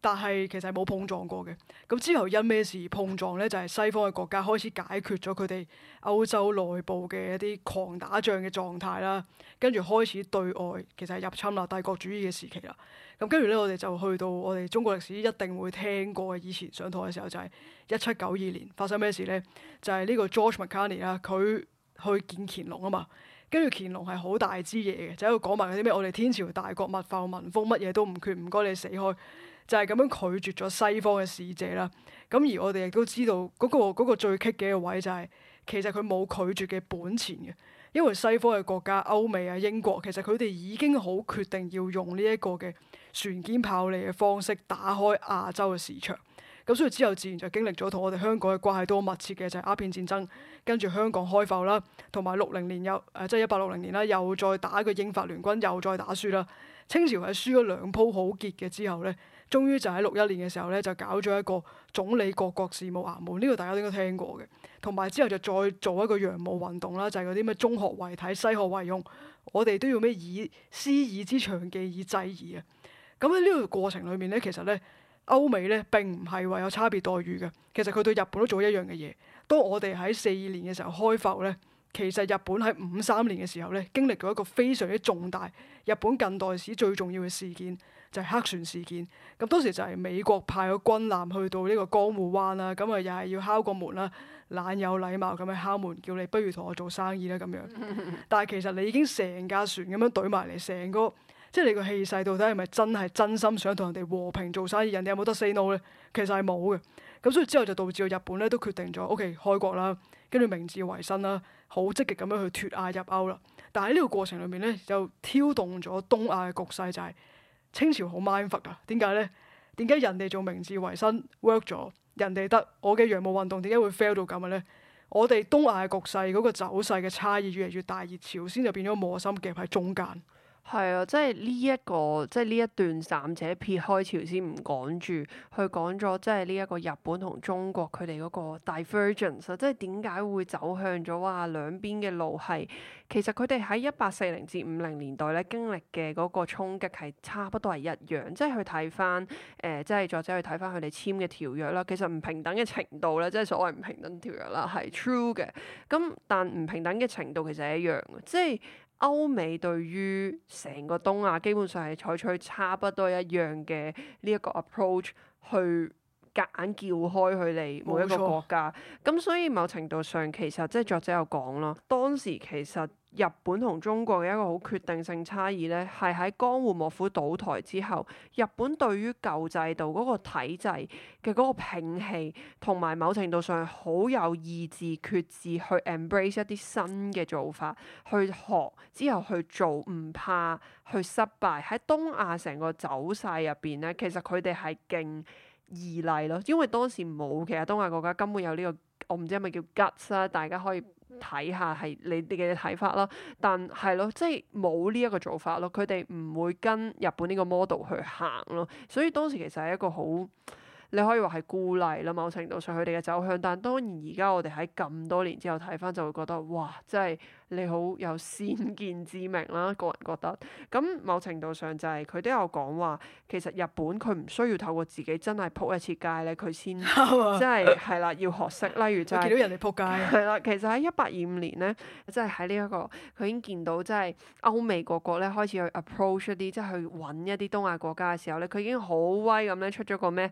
但係其實冇碰撞過嘅。咁之後因咩事碰撞咧？就係西方嘅國家開始解決咗佢哋歐洲內部嘅一啲狂打仗嘅狀態啦。跟住開始對外其實係入侵啦，帝國主義嘅時期啦。咁跟住咧，我哋就去到我哋中國歷史一定會聽過嘅。以前上堂嘅時候就係一七九二年發生咩事咧？就係呢個 George Macartney 啦，佢去見乾隆啊嘛。跟住乾隆係好大支嘢嘅，就喺度講埋嗰啲咩我哋天朝大國物阜民豐，乜嘢都唔缺，唔該你死開。就係咁樣拒絕咗西方嘅使者啦。咁而我哋亦都知道嗰個嗰個最棘嘅一個位就係其實佢冇拒絕嘅本錢嘅，因為西方嘅國家歐美啊英國，其實佢哋已經好決定要用呢一個嘅船堅炮利嘅方式打開亞洲嘅市場。咁所以之後自然就經歷咗同我哋香港嘅關係都密切嘅就係鴉片戰爭，跟住香港開埠啦，同埋六零年又即係一八六零年啦，又再打個英法聯軍又再打輸啦。清朝係輸咗兩鋪好結嘅之後咧。終於就喺六一年嘅時候咧，就搞咗一個總理各國事務衙門，呢個大家應該聽過嘅。同埋之後就再做一個洋務運動啦，就係嗰啲咩中學為體，西學為用。我哋都要咩以師夷之長技以制夷啊！咁喺呢個過程裏面咧，其實咧歐美咧並唔係話有差別待遇嘅。其實佢對日本都做一樣嘅嘢。當我哋喺四二年嘅時候開埠咧，其實日本喺五三年嘅時候咧經歷咗一個非常之重大，日本近代史最重要嘅事件。就係黑船事件咁，當時就係美國派咗軍艦去到呢個江戶灣啦，咁啊又係要敲個門啦，懶有禮貌咁樣敲門，叫你不如同我做生意啦咁樣。 但係其實你已經成架船咁樣懟埋嚟，成個即係你個氣勢到底係咪真係真心想同人哋和平做生意？人哋有冇得 say no 咧？其實係冇嘅。咁所以之後就導致到日本咧都決定咗 OK 開國啦，跟住明治維新啦，好積極咁樣去脱亞入歐啦。但係喺呢個過程裏面咧，就挑動咗東亞嘅局勢就係、是。清朝好 mindfuck 噶，點解咧？點解人哋做明治維新 work 咗，人哋得我嘅洋務運動點解會 fail 到咁嘅咧？我哋東亞嘅局勢嗰個走勢嘅差異越嚟越大，朝鮮就變咗磨心夾喺中間。係啊，即係呢一個，即係呢一段暫且撇開朝鮮唔講住，去講咗即係呢一個日本同中國佢哋嗰個 divergence，即係點解會走向咗啊兩邊嘅路，係其實佢哋喺一八四零至五零年代咧經歷嘅嗰個衝擊係差不多係一樣，即係去睇翻誒，即係作者去睇翻佢哋簽嘅條約啦，其實唔平等嘅程度咧，即係所謂唔平等條約啦係 true 嘅，咁但唔平等嘅程度其實一樣即係。歐美對於成個東亞基本上係採取差不多一樣嘅呢一個 approach 去夾硬撬開佢哋每一個國家，咁錯所以某程度上其實即係作者有講咯，當時其實。日本同中國嘅一個好決定性差異咧，係喺江戶幕府倒台之後，日本對於舊制度嗰個體制嘅嗰個摒棄，同埋某程度上好有意志決志去 embrace 一啲新嘅做法，去學之後去做，唔怕去失敗。喺東亞成個走勢入邊咧，其實佢哋係勁異例咯，因為當時冇其實東亞國家根本有呢、這個，我唔知係咪叫 guts 啦，大家可以。睇下係你哋嘅睇法啦，但係咯，即係冇呢一個做法咯，佢哋唔會跟日本呢個 model 去行咯，所以當時其實係一個好。你可以話係孤例啦，某程度上佢哋嘅走向。但當然而家我哋喺咁多年之後睇翻就會覺得，哇！真係你好有先見之明啦，個人覺得。咁某程度上就係、是、佢都有講話，其實日本佢唔需要透過自己真係撲一次街咧，佢先即係係啦，要學識。例如就係、是、見到人哋撲街。係啦， 其實喺一八二五年咧，即係喺呢一個佢已經見到，即係歐美各國咧開始去 approach 一啲，即、就、係、是、去揾一啲東亞國家嘅時候咧，佢已經好威咁咧出咗個咩？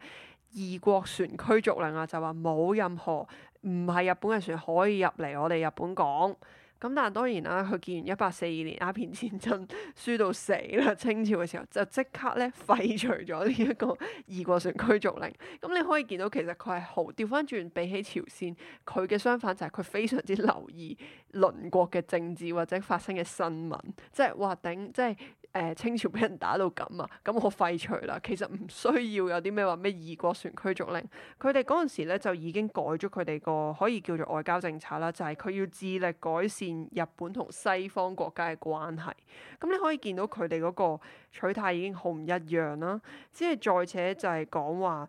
異國船驅逐令啊，就話冇任何唔係日本嘅船可以入嚟我哋日本港。咁但係當然啦，佢見完一八四二年鴉片戰爭輸到死啦，清朝嘅時候就即刻咧廢除咗呢一個異國船驅逐令。咁你可以見到其實佢係好調返轉比起朝鮮，佢嘅相反就係佢非常之留意鄰國嘅政治或者發生嘅新聞，即係哇頂，即係。誒、呃、清朝俾人打到咁啊，咁我廢除啦。其實唔需要有啲咩話咩異國船驅逐令，佢哋嗰陣時咧就已經改咗佢哋個可以叫做外交政策啦，就係、是、佢要致力改善日本同西方國家嘅關係。咁你可以見到佢哋嗰個取態已經好唔一樣啦。即係再且就係講話。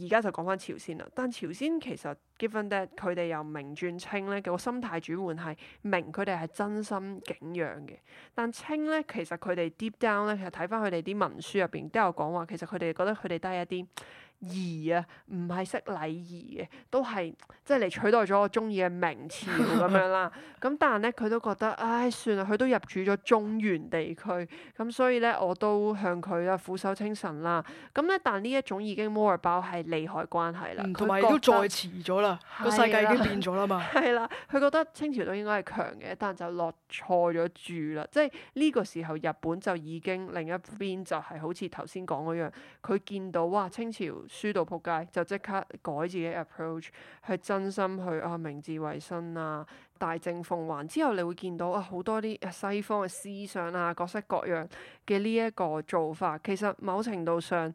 而家就講翻朝鮮啦，但朝鮮其實 given that 佢哋由明轉清咧，個心態轉換係明，佢哋係真心景仰嘅。但清咧，其實佢哋 deep down 咧，其實睇翻佢哋啲文書入邊都有講話，其實佢哋覺得佢哋低一啲。儀啊，唔係識禮儀嘅，都係即係嚟取代咗我中意嘅名詞咁樣啦。咁但係咧，佢都覺得，唉，算啦，佢都入主咗中原地區，咁所以咧，我都向佢啦俯首稱臣啦。咁咧，但呢一種已經 more 爆係利害關係、嗯、啦，同埋已經再遲咗啦，個世界已經變咗啦嘛。係啦，佢覺得清朝都應該係強嘅，但就落錯咗注啦。即係呢個時候，日本就已經另一邊就係好似頭先講嗰樣，佢見到哇，清朝。輸到撲街就即刻改自己 approach，去真心去啊明治維新啊、大政奉還之後，你會見到啊好多啲西方嘅思想啊各式各樣嘅呢一個做法，其實某程度上。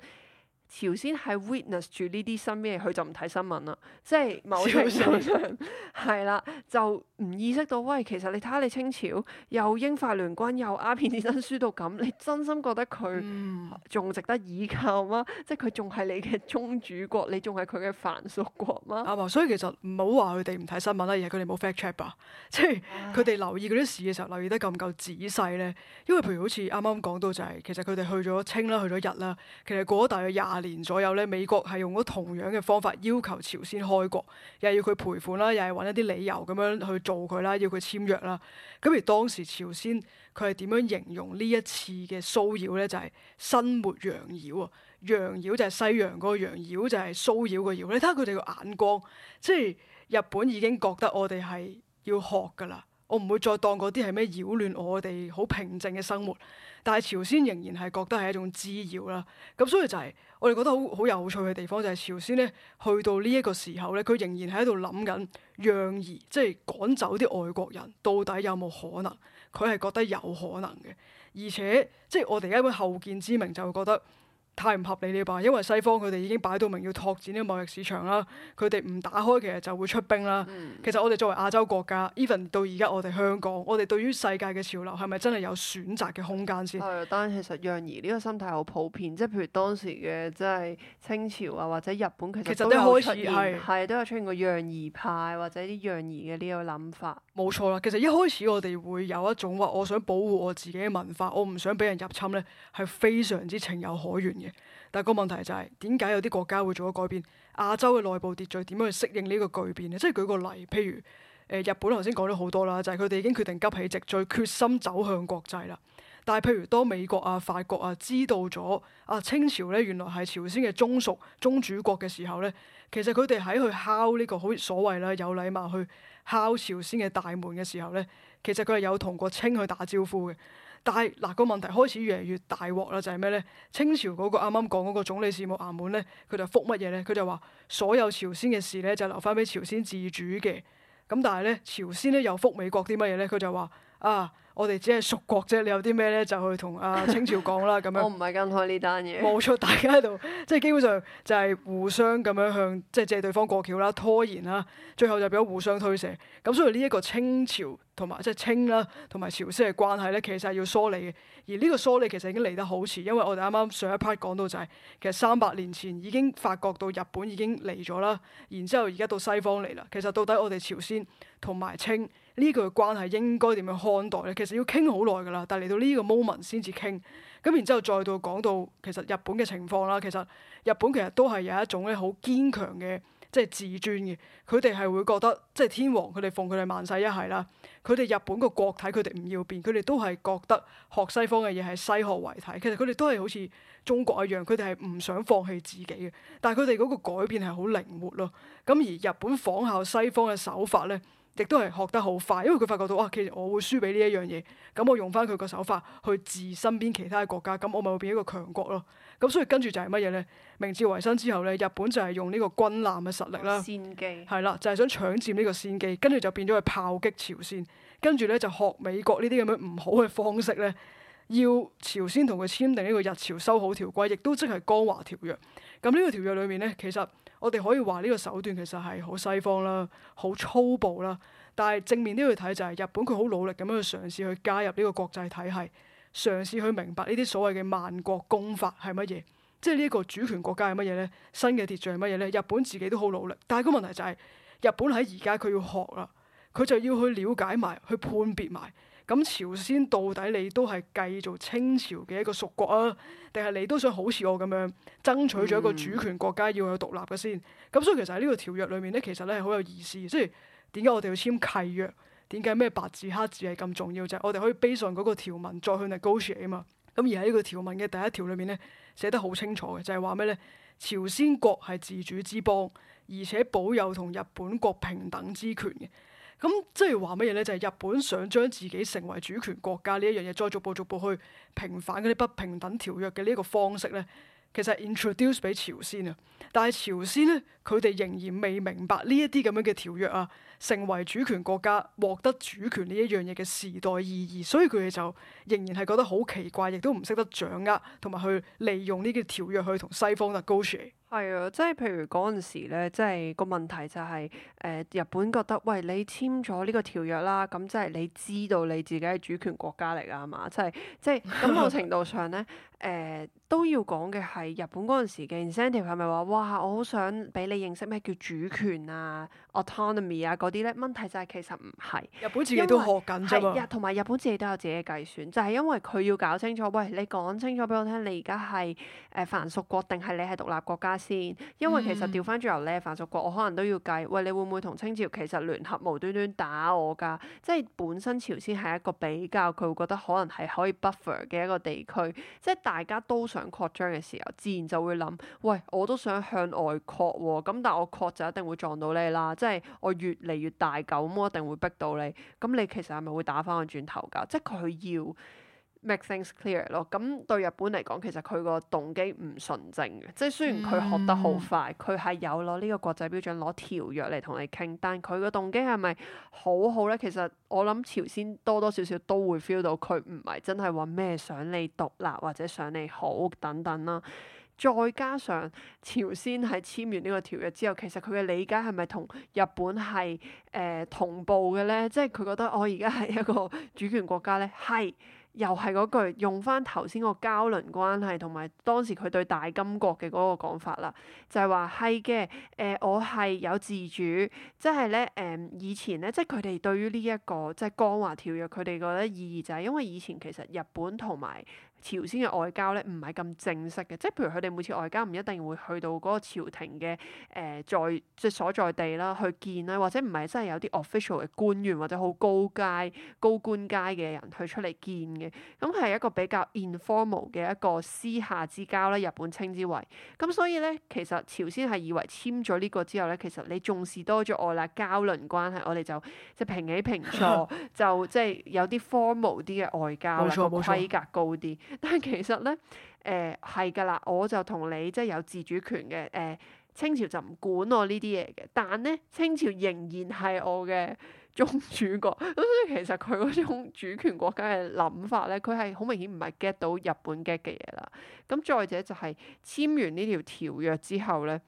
朝鮮係 Witness 住呢啲新嘢，佢就唔睇新聞啦。即係某程度上係啦，就唔意識到喂，其實你睇下你清朝又英法聯軍，又阿片戰爭輸到咁，你真心覺得佢仲值得依靠嗎？嗯、即係佢仲係你嘅宗主國，你仲係佢嘅藩屬國嗎？啱嘛，所以其實唔好話佢哋唔睇新聞啦，而係佢哋冇 fact check 啊，即係佢哋留意嗰啲事嘅時候，留意得夠唔夠仔細咧？因為譬如好似啱啱講到就係、是，其實佢哋去咗清啦，去咗日啦，其實過咗大約廿年左右咧，美國係用咗同樣嘅方法要求朝鮮開國，又係要佢賠款啦，又係揾一啲理由咁樣去做佢啦，要佢簽約啦。咁而當時朝鮮佢係點樣形容呢一次嘅騷擾咧？就係辛未洋擾啊！洋擾就係西洋嗰個洋擾，就係騷擾嘅擾。你睇下佢哋個眼光，即係日本已經覺得我哋係要學噶啦。我唔會再當嗰啲係咩擾亂我哋好平靜嘅生活，但係朝鮮仍然係覺得係一種滋擾啦。咁所以就係我哋覺得好好有趣嘅地方，就係朝鮮咧去到呢一個時候咧，佢仍然喺度諗緊，讓而即係、就是、趕走啲外國人，到底有冇可能？佢係覺得有可能嘅，而且即係、就是、我哋一般咁後見之明就會覺得。太唔合理了吧？因為西方佢哋已經擺到明要拓展呢個貿易市場啦，佢哋唔打開其實就會出兵啦。嗯、其實我哋作為亞洲國家，even 到而家我哋香港，我哋對於世界嘅潮流係咪真係有選擇嘅空間先？係啊、嗯，但係其實攘夷呢個心態好普遍，即係譬如當時嘅即係清朝啊，或者日本其實都開始係都有出現過攘夷派或者啲攘夷嘅呢個諗法。冇錯啦，其實一開始我哋會有一種話，我想保護我自己嘅文化，我唔想俾人入侵咧，係非常之情有可原嘅。但係個問題就係、是，點解有啲國家會做咗改變？亞洲嘅內部秩序點樣去適應呢個巨變咧？即係舉個例，譬如誒日本，頭先講咗好多啦，就係佢哋已經決定急起直追，決心走向國際啦。但係譬如當美國啊、法國啊知道咗啊清朝咧，原來係朝鮮嘅宗屬、宗主國嘅時候咧，其實佢哋喺去敲呢、這個好所謂啦有禮貌去敲朝鮮嘅大門嘅時候咧，其實佢係有同過清去打招呼嘅。但係嗱個問題開始越嚟越大鑊啦，就係咩咧？清朝嗰個啱啱講嗰個總理事務衙門咧，佢就覆乜嘢咧？佢就話所有朝鮮嘅事咧，就留返畀朝鮮自主嘅。咁但係咧，朝鮮咧又覆美國啲乜嘢咧？佢就話啊，我哋只係屬國啫，你有啲咩咧就去同啊清朝講啦。咁 樣我唔係跟開呢單嘢。冇錯，大家喺度即係基本上就係互相咁樣向即係、就是、借對方過橋啦、拖延啦，最後就俾我互相推卸。咁所以呢一個清朝。同埋即係清啦，同埋朝鮮嘅關係咧，其實係要梳理嘅。而呢個梳理其實已經嚟得好遲，因為我哋啱啱上一 part 講到就係，其實三百年前已經發覺到日本已經嚟咗啦。然之後而家到西方嚟啦。其實到底我哋朝鮮同埋清呢個嘅關係應該點樣看待咧？其實要傾好耐㗎啦。但係嚟到呢個 moment 先至傾。咁然之後再到講到其實日本嘅情況啦。其實日本其實都係有一種咧好堅強嘅。即係自尊嘅，佢哋係會覺得即係天皇，佢哋奉佢哋萬世一系啦。佢哋日本個國體佢哋唔要變，佢哋都係覺得學西方嘅嘢係西學為體。其實佢哋都係好似中國一樣，佢哋係唔想放棄自己嘅，但係佢哋嗰個改變係好靈活咯。咁而日本仿效西方嘅手法咧，亦都係學得好快，因為佢發覺到啊，其實我會輸俾呢一樣嘢，咁我用翻佢個手法去治身邊其他嘅國家，咁我咪會變一個強國咯。咁所以跟住就係乜嘢咧？明治維新之後咧，日本就係用呢個軍艦嘅實力啦，係啦先機，就係、係、想搶佔呢個先機，跟住就變咗去炮擊朝鮮，跟住咧就學美國呢啲咁樣唔好嘅方式咧，要朝鮮同佢簽訂呢個日朝修好條規，亦都即係《江華條約》。咁呢個條約裏面咧，其實我哋可以話呢個手段其實係好西方啦，好粗暴啦。但係正面都要睇就係日本佢好努力咁樣去嘗試去加入呢個國際體系。嘗試去明白呢啲所謂嘅萬國公法係乜嘢，即係呢一個主權國家係乜嘢咧？新嘅秩序係乜嘢咧？日本自己都好努力，但係個問題就係日本喺而家佢要學啦，佢就要去了解埋，去判別埋。咁朝鮮到底你都係繼續清朝嘅一個屬國啊，定係你都想好似我咁樣爭取咗一個主權國家要去獨立嘅先？咁所以其實喺呢個條約裏面咧，其實咧係好有意思，即係點解我哋要簽契約？點解咩白紙黑字係咁重要？就係、是、我哋可以背上嗰個條文，再去 negotiate 啊嘛。咁而喺呢個條文嘅第一條裏面咧，寫得好清楚嘅，就係話咩咧？朝鮮國係自主之邦，而且保有同日本國平等之權嘅。咁即係話乜嘢咧？就係、是、日本想將自己成為主權國家呢一樣嘢，再逐步逐步去平反嗰啲不平等條約嘅呢一個方式咧。其實 introduce 俾朝鮮啊，但係朝鮮咧，佢哋仍然未明白呢一啲咁樣嘅條約啊，成為主權國家獲得主權呢一樣嘢嘅時代意義，所以佢哋就仍然係覺得好奇怪，亦都唔識得掌握同埋去利用呢個條約去同西方 negotiate。係啊，即係譬如嗰陣時咧，即係個問題就係、是、誒、呃、日本覺得，喂，你簽咗呢個條約啦，咁即係你知道你自己係主權國家嚟㗎嘛，即係即係咁個程度上咧。 誒、呃、都要講嘅係日本嗰陣時嘅 incentive 係咪話哇我好想俾你認識咩叫主權啊 autonomy 啊嗰啲咧？問題就係其實唔係日本自己為都學緊啫嘛，同埋日本自己都有自己嘅計算，就係、是、因為佢要搞清楚，喂，你講清楚俾我聽，你而家係誒藩屬國定係你係獨立國家先，因為其實調翻轉由你係藩屬國，我可能都要計，喂，你會唔會同清朝其實聯合無端端打我㗎？即係本身朝鮮係一個比較佢會覺得可能係可以 buffer 嘅一個地區，即係。大家都想擴張嘅時候，自然就會諗：喂，我都想向外擴喎。咁但我擴就一定會撞到你啦。即係我越嚟越大嚿，咁我一定會逼到你。咁你其實係咪會打返個轉頭㗎？即係佢要。Make things clear 咯。咁對日本嚟講，其實佢個動機唔純正嘅，即係雖然佢學得好快，佢係、嗯、有攞呢個國際標準攞條約嚟同你傾，但佢個動機係咪好好咧？其實我諗朝鮮多多少少都會 feel 到佢唔係真係話咩想你獨立或者想你好等等啦。再加上朝鮮係簽完呢個條約之後，其實佢嘅理解係咪同日本係誒、呃、同步嘅咧？即係佢覺得我而家係一個主權國家咧，係。又係嗰句，用翻頭先個交輪關係同埋當時佢對大金國嘅嗰個講法啦，就係話係嘅，誒、呃、我係有自主，即係咧誒以前咧，即係佢哋對於呢一個即係江華條約，佢哋覺得意義就係因為以前其實日本同埋。朝鮮嘅外交咧唔係咁正式嘅，即係譬如佢哋每次外交唔一定會去到嗰個朝廷嘅誒在即所在地啦，去見啦，或者唔係真係有啲 official 嘅官員或者好高階高官階嘅人去出嚟見嘅，咁係一個比較 informal 嘅一個私下之交啦，日本稱之為。咁所以咧，其實朝鮮係以為簽咗呢個之後咧，其實你重視多咗我啦交鄰關係，我哋就即係平起平坐， 就即係有啲 formal 啲嘅外交，冇錯冇錯， 規格高啲。但係其實咧，誒係噶啦，我就同你即係有自主權嘅誒、呃。清朝就唔管我呢啲嘢嘅，但咧清朝仍然係我嘅宗主國， 咁所以其實佢嗰種主權國家嘅諗法咧，佢係好明顯唔係 get 到日本 get 嘅嘢啦。咁再者就係簽完呢條條約之後咧，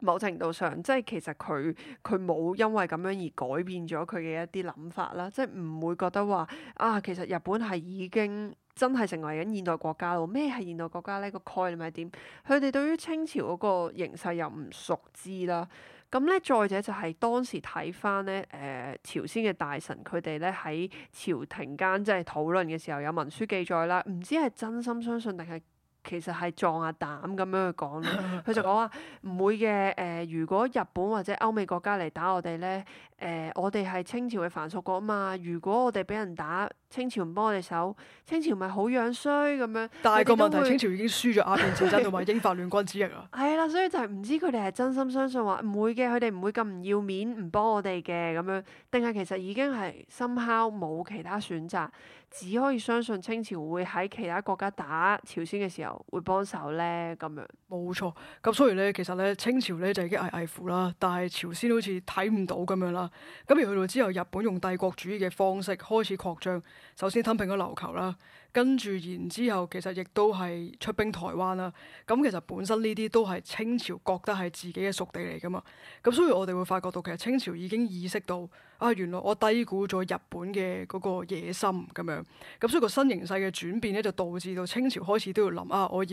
某程度上即係其實佢佢冇因為咁樣而改變咗佢嘅一啲諗法啦，即係唔會覺得話啊，其實日本係已經。真係成為緊現代國家咯？咩係現代國家咧？個概念係點？佢哋對於清朝嗰個形勢又唔熟知啦。咁咧，再者就係當時睇翻咧，誒、呃、朝鮮嘅大臣佢哋咧喺朝廷間即係討論嘅時候，有文書記載啦。唔知係真心相信定係其實係撞下膽咁樣去講佢 就講話唔會嘅。誒、呃，如果日本或者歐美國家嚟打我哋咧，誒、呃、我哋係清朝嘅藩屬國啊嘛。如果我哋俾人打。清朝唔幫我哋手，清朝咪好樣衰咁樣？但係是個問題，清朝已經輸咗鴉片戰爭同埋英法聯軍之役啊。係啦， 所以就係唔知佢哋係真心相信話唔會嘅，佢哋唔會咁唔要面唔幫我哋嘅咁樣，定係其實已經係 somehow 冇其他選擇，只可以相信清朝會喺其他國家打朝鮮嘅時候會幫手咧咁樣。冇錯，咁雖然咧其實咧清朝咧就已經危危乎啦，但係朝鮮好似睇唔到咁樣啦。咁而去到之後，日本用帝國主義嘅方式開始擴張。首先吞併咗琉球啦。跟住，然之後其實亦都係出兵台灣啦。咁其實本身呢啲都係清朝覺得係自己嘅屬地嚟噶嘛。咁所以我哋會發覺到，其實清朝已經意識到啊，原來我低估咗日本嘅嗰個野心咁樣。咁所以個新形勢嘅轉變咧，就導致到清朝開始都要諗啊，我要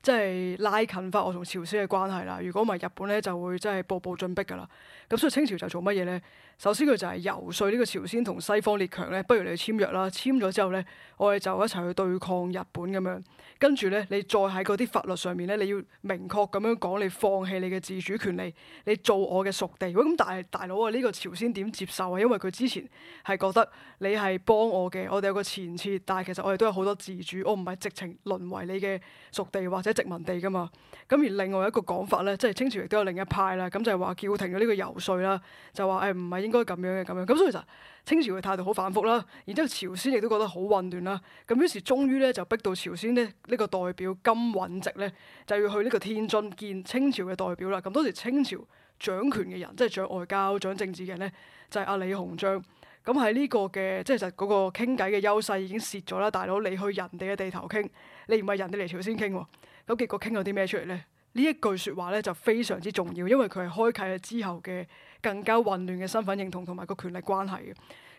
即係拉近翻我同朝鮮嘅關係啦。如果唔係日本咧，就會即係步步進逼噶啦。咁所以清朝就做乜嘢咧？首先佢就係游說呢個朝鮮同西方列強咧，不如你去簽約啦。簽咗之後咧，我哋就一齊。去對抗日本咁樣，跟住咧，你再喺嗰啲法律上面咧，你要明確咁樣講，你放棄你嘅自主權利，你做我嘅屬地。喂，咁但係大佬啊，呢個朝鮮點接受啊？因為佢之前係覺得你係幫我嘅，我哋有個前設，但係其實我哋都有好多自主，我唔係直情淪為你嘅屬地或者殖民地噶嘛。咁而另外一個講法咧，即係清朝亦都有另一派啦，咁就係話叫停咗呢個游說啦，就話誒唔係應該咁樣嘅咁樣。咁所以就。清朝嘅態度好反覆啦，然之後朝鮮亦都覺得好混亂啦，咁於是終於咧就逼到朝鮮咧呢個代表金允植咧就要去呢個天津見清朝嘅代表啦。咁當時清朝掌權嘅人，即係掌外交、掌政治嘅人咧，就係阿李鴻章。咁喺呢個嘅，即係其實嗰個傾偈嘅優勢已經蝕咗啦。大佬你去人哋嘅地頭傾，你唔係人哋嚟朝鮮傾喎。咁結果傾咗啲咩出嚟咧？呢一句説話咧就非常之重要，因為佢係開啟咗之後嘅。更加混亂嘅身份認同同埋個權力關係嘅，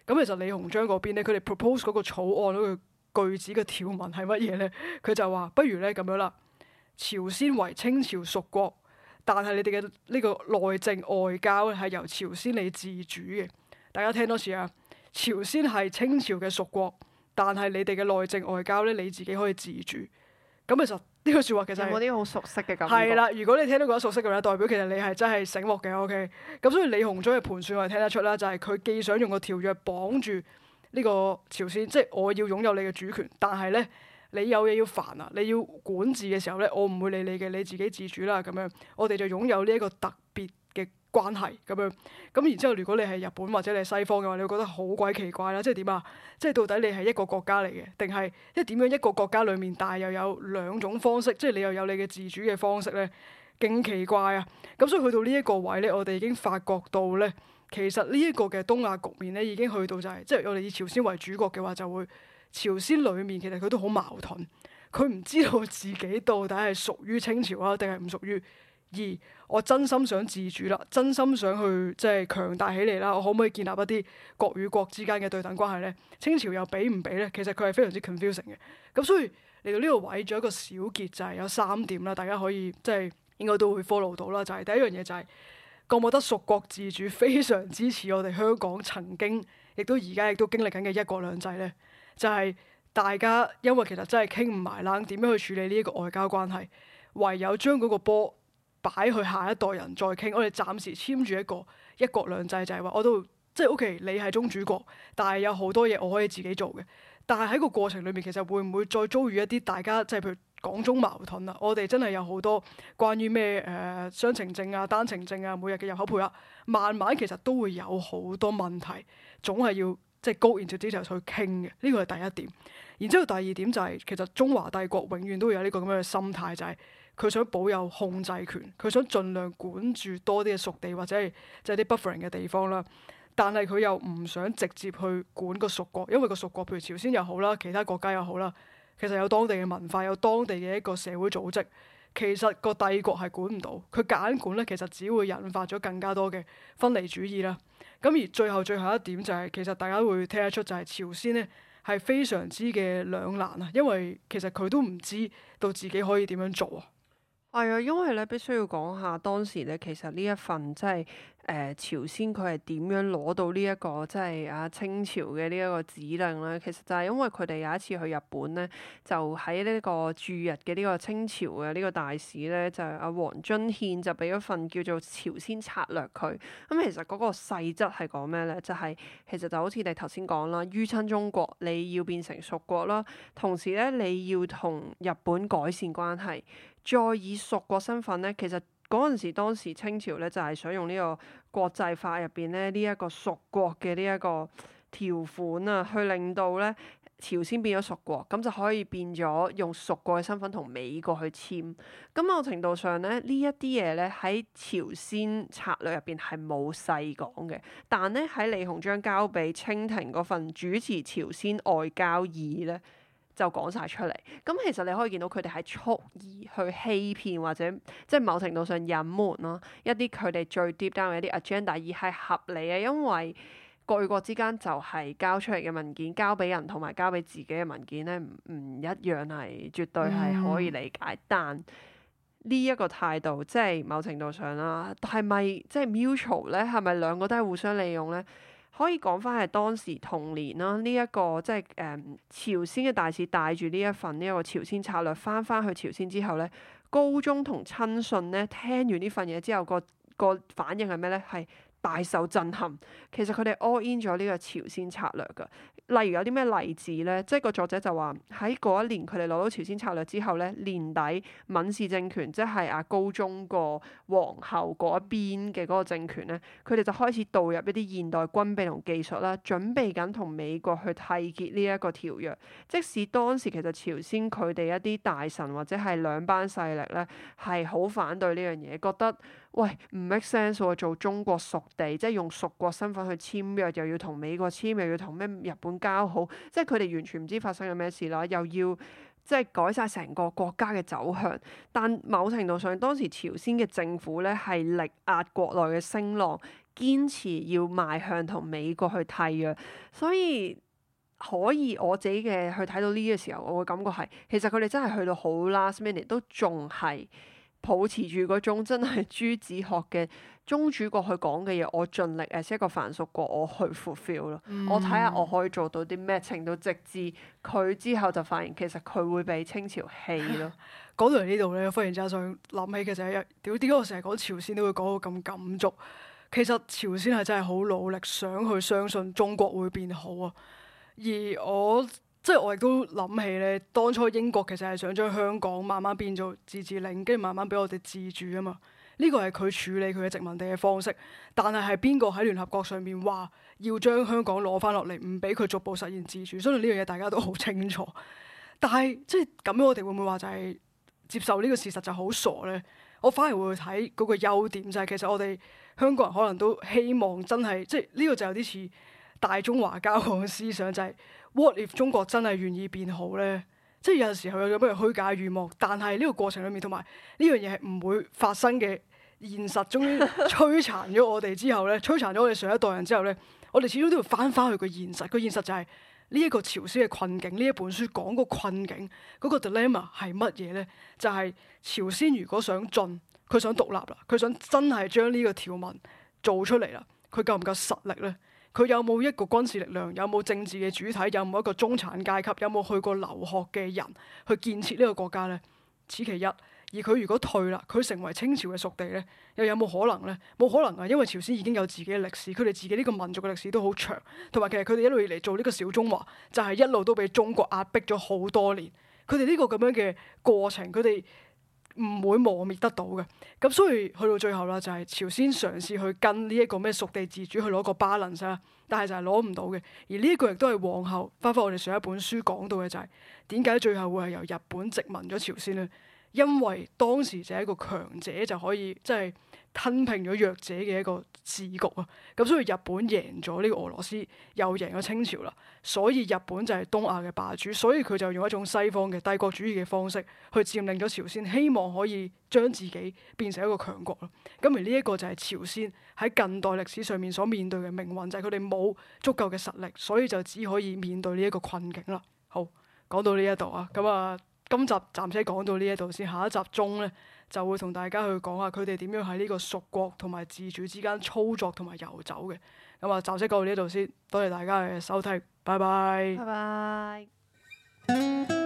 咁其實李鴻章嗰邊咧，佢哋 propose 嗰個草案嗰個句子嘅條文係乜嘢咧？佢就話不如咧咁樣啦，朝鮮為清朝屬國，但係你哋嘅呢個內政外交咧係由朝鮮你自主嘅。大家聽多次啊，朝鮮係清朝嘅屬國，但係你哋嘅內政外交咧你自己可以自主。咁其實。呢個說話其實係有冇啲好熟悉嘅感覺？係啦，如果你聽到覺得熟悉嘅話，代表其實你係真係醒目嘅。OK，咁所以李鴻章嘅盤算我哋聽得出啦，就係、是、佢既想用個條約綁住呢個朝鮮，即、就、係、是、我要擁有你嘅主權，但係咧你有嘢要煩啊，你要管治嘅時候咧，我唔會理你嘅，你自己自主啦咁樣。我哋就擁有呢一個特別。關係咁樣，咁然之後，如果你係日本或者你係西方嘅話，你會覺得好鬼奇怪啦！即係點啊？即係到底你係一個國家嚟嘅，定係即係點樣一個國家裏面，但係又有兩種方式，即係你又有你嘅自主嘅方式咧，勁奇怪啊！咁所以去到呢一個位咧，我哋已經發覺到咧，其實呢一個嘅東亞局面咧，已經去到就係、是，即係我哋以朝鮮為主角嘅話，就會朝鮮裏面其實佢都好矛盾，佢唔知道自己到底係屬於清朝啊，定係唔屬於？而我真心想自主啦，真心想去即係強大起嚟啦。我可唔可以建立一啲國與國之間嘅對等關係咧？清朝又俾唔俾咧？其實佢係非常之 confusing 嘅。咁所以嚟到呢個位，做一個小結就係、是、有三點啦。大家可以即係應該都會 follow 到啦。就係、是、第一樣嘢就係覺唔覺得屬國自主，非常支持我哋香港曾經亦都而家亦都經歷緊嘅一國兩制咧。就係、是、大家因為其實真係傾唔埋冷，點樣去處理呢一個外交關係？唯有將嗰個波擺去下一代人再傾，我哋暫時簽住一個一國兩制就，就係話我都即係 OK，你係宗主國，但係有好多嘢我可以自己做嘅。但係喺個過程裏面，其實會唔會再遭遇一啲大家即係譬如港中矛盾啊？我哋真係有好多關於咩誒、呃、雙程證啊、單程證啊、每日嘅人口配額，慢慢其實都會有好多問題，總係要即係 go into details 去傾嘅。呢個係第一點。然之後第二點就係、是、其實中華帝國永遠都會有呢個咁樣嘅心態，就係、是。佢想保有控制權，佢想盡量管住多啲嘅屬地或者係即係啲 buffering 嘅地方啦。但係佢又唔想直接去管個屬國，因為個屬國譬如朝鮮又好啦，其他國家又好啦，其實有當地嘅文化，有當地嘅一個社會組織。其實個帝國係管唔到，佢揀管咧，其實只會引發咗更加多嘅分離主義啦。咁而最後最後一點就係、是，其實大家會聽得出就係朝鮮咧係非常之嘅兩難啊，因為其實佢都唔知道自己可以點樣做啊。係啊、哎，因為咧必須要講下當時咧，其實呢一份即係。誒、呃、朝鮮佢係點樣攞到呢、這、一個即係、就是、啊清朝嘅呢一個指令咧？其實就係因為佢哋有一次去日本咧，就喺呢個駐日嘅呢個清朝嘅呢個大使咧，就係阿黃遵憲就俾咗份叫做《朝鮮策略》佢、嗯。咁其實嗰個細則係講咩咧？就係、是、其實就好似你頭先講啦，於親中國，你要變成屬國啦。同時咧，你要同日本改善關係，再以屬國身份咧，其實。嗰陣時，當時清朝咧就係想用呢個國際法入邊咧呢一個屬國嘅呢一個條款啊，去令到咧朝鮮變咗屬國，咁就可以變咗用屬國嘅身份同美國去簽。咁某程度上咧呢一啲嘢咧喺朝鮮策略入邊係冇細講嘅，但咧喺李鴻章交俾清廷嗰份主持朝鮮外交議咧，就講晒出嚟，咁其實你可以見到佢哋係蓄意去欺騙或者即係某程度上隱瞞咯，一啲佢哋最 deep down 嘅一啲 agenda，而係合理嘅，因為國與國之間就係交出嚟嘅文件交俾人同埋交俾自己嘅文件咧，唔唔一樣係絕對係可以理解，嗯、但呢一個態度即係某程度上啦，係咪即係 mutual 咧？係咪兩個都係互相利用咧？可以講翻係當時童年啦，呢、這、一個即係誒朝鮮嘅大使帶住呢一份呢一個朝鮮策略翻翻去朝鮮之後咧，高宗同親信咧聽完呢份嘢之後，個個反應係咩咧？係大受震撼。其實佢哋 all in 咗呢個朝鮮策略㗎。例如有啲咩例子咧？即係個作者就話喺嗰一年，佢哋攞到朝鮮策略之後咧，年底閔氏政權即係啊高宗個皇后嗰一邊嘅嗰個政權咧，佢哋就開始導入一啲現代軍備同技術啦，準備緊同美國去締結呢一個條約。即使當時其實朝鮮佢哋一啲大臣或者係兩班勢力咧，係好反對呢樣嘢，覺得。喂，唔 make sense 喎。做中國屬地，即係用屬國身份去簽約，又要同美國簽約，又要同咩日本交好，即係佢哋完全唔知發生咗咩事啦，又要即係改晒成個國家嘅走向。但某程度上，當時朝鮮嘅政府咧係力壓國內嘅聲浪，堅持要邁向同美國去替約。所以可以我自己嘅去睇到呢個時候，我會感覺係其實佢哋真係去到好 last minute，呢幾年都仲係。保持住嗰種真係朱子學嘅宗主國去講嘅嘢，我盡力 as 一個藩屬國我去 fulfill 咯。嗯、我睇下我可以做到啲咩程度，直至佢之後就發現其實佢會被清朝氣咯。講 到嚟呢度咧，忽然之間想諗起其實一屌點解我成日講朝鮮都會講到咁感觸，其實朝鮮係真係好努力想去相信中國會變好啊，而我。即係我亦都諗起咧，當初英國其實係想將香港慢慢變做自治領，跟住慢慢俾我哋自主啊嘛。呢、這個係佢處理佢嘅殖民地嘅方式，但係係邊個喺聯合國上面話要將香港攞翻落嚟，唔俾佢逐步實現自主？所以呢樣嘢大家都好清楚。但係即係咁樣，我哋會唔會話就係接受呢個事實就好傻咧？我反而會睇嗰個優點就係、是、其實我哋香港人可能都希望真係即係呢、這個就有啲似大中華交往思想就係、是。What if 中國真係願意變好咧？即係有陣時候有咁樣虛假願望，但係呢個過程裏面同埋呢樣嘢係唔會發生嘅現實，終於摧殘咗我哋之後咧， 摧殘咗我哋上一代人之後咧，我哋始終都要翻返去個現實。個現實就係呢一個朝鮮嘅困境，呢一本書講個困境，嗰個 dilemma 係乜嘢咧？就係朝鮮如果想進，佢想獨立啦，佢想真係將呢個條文做出嚟啦，佢夠唔夠實力咧？佢有冇一個軍事力量？有冇政治嘅主體？有冇一個中產階級？有冇去過留學嘅人去建設呢個國家呢？此其一。而佢如果退啦，佢成為清朝嘅屬地呢？又有冇可能呢？冇可能啊！因為朝鮮已經有自己嘅歷史，佢哋自己呢個民族嘅歷史都好長，同埋其實佢哋一路以嚟做呢個小中華，就係、是、一路都俾中國壓迫咗好多年。佢哋呢個咁樣嘅過程，佢哋，唔會磨滅得到嘅，咁所以去到最後啦，就係、是、朝鮮嘗試去跟呢一個咩屬地自主去攞個 balance 啦，但係就係攞唔到嘅。而呢一個亦都係往後包括我哋上一本書講到嘅，就係點解最後會係由日本殖民咗朝鮮咧？因為當時就係一個強者就可以即係。就是吞併咗弱者嘅一個治局啊，咁所以日本贏咗呢個俄羅斯，又贏咗清朝啦，所以日本就係東亞嘅霸主，所以佢就用一種西方嘅帝國主義嘅方式去佔領咗朝鮮，希望可以將自己變成一個強國咯。咁而呢一個就係朝鮮喺近代歷史上面所面對嘅命運，就係佢哋冇足夠嘅實力，所以就只可以面對呢一個困境啦。好，講到呢一度啊，咁啊，今集暫時講到呢一度先，下一集中咧。就會同大家去講下佢哋點樣喺呢個屬國同埋自主之間操作同埋遊走嘅。咁啊，暫時講到呢度先。多謝大家嘅收聽，拜拜。拜拜。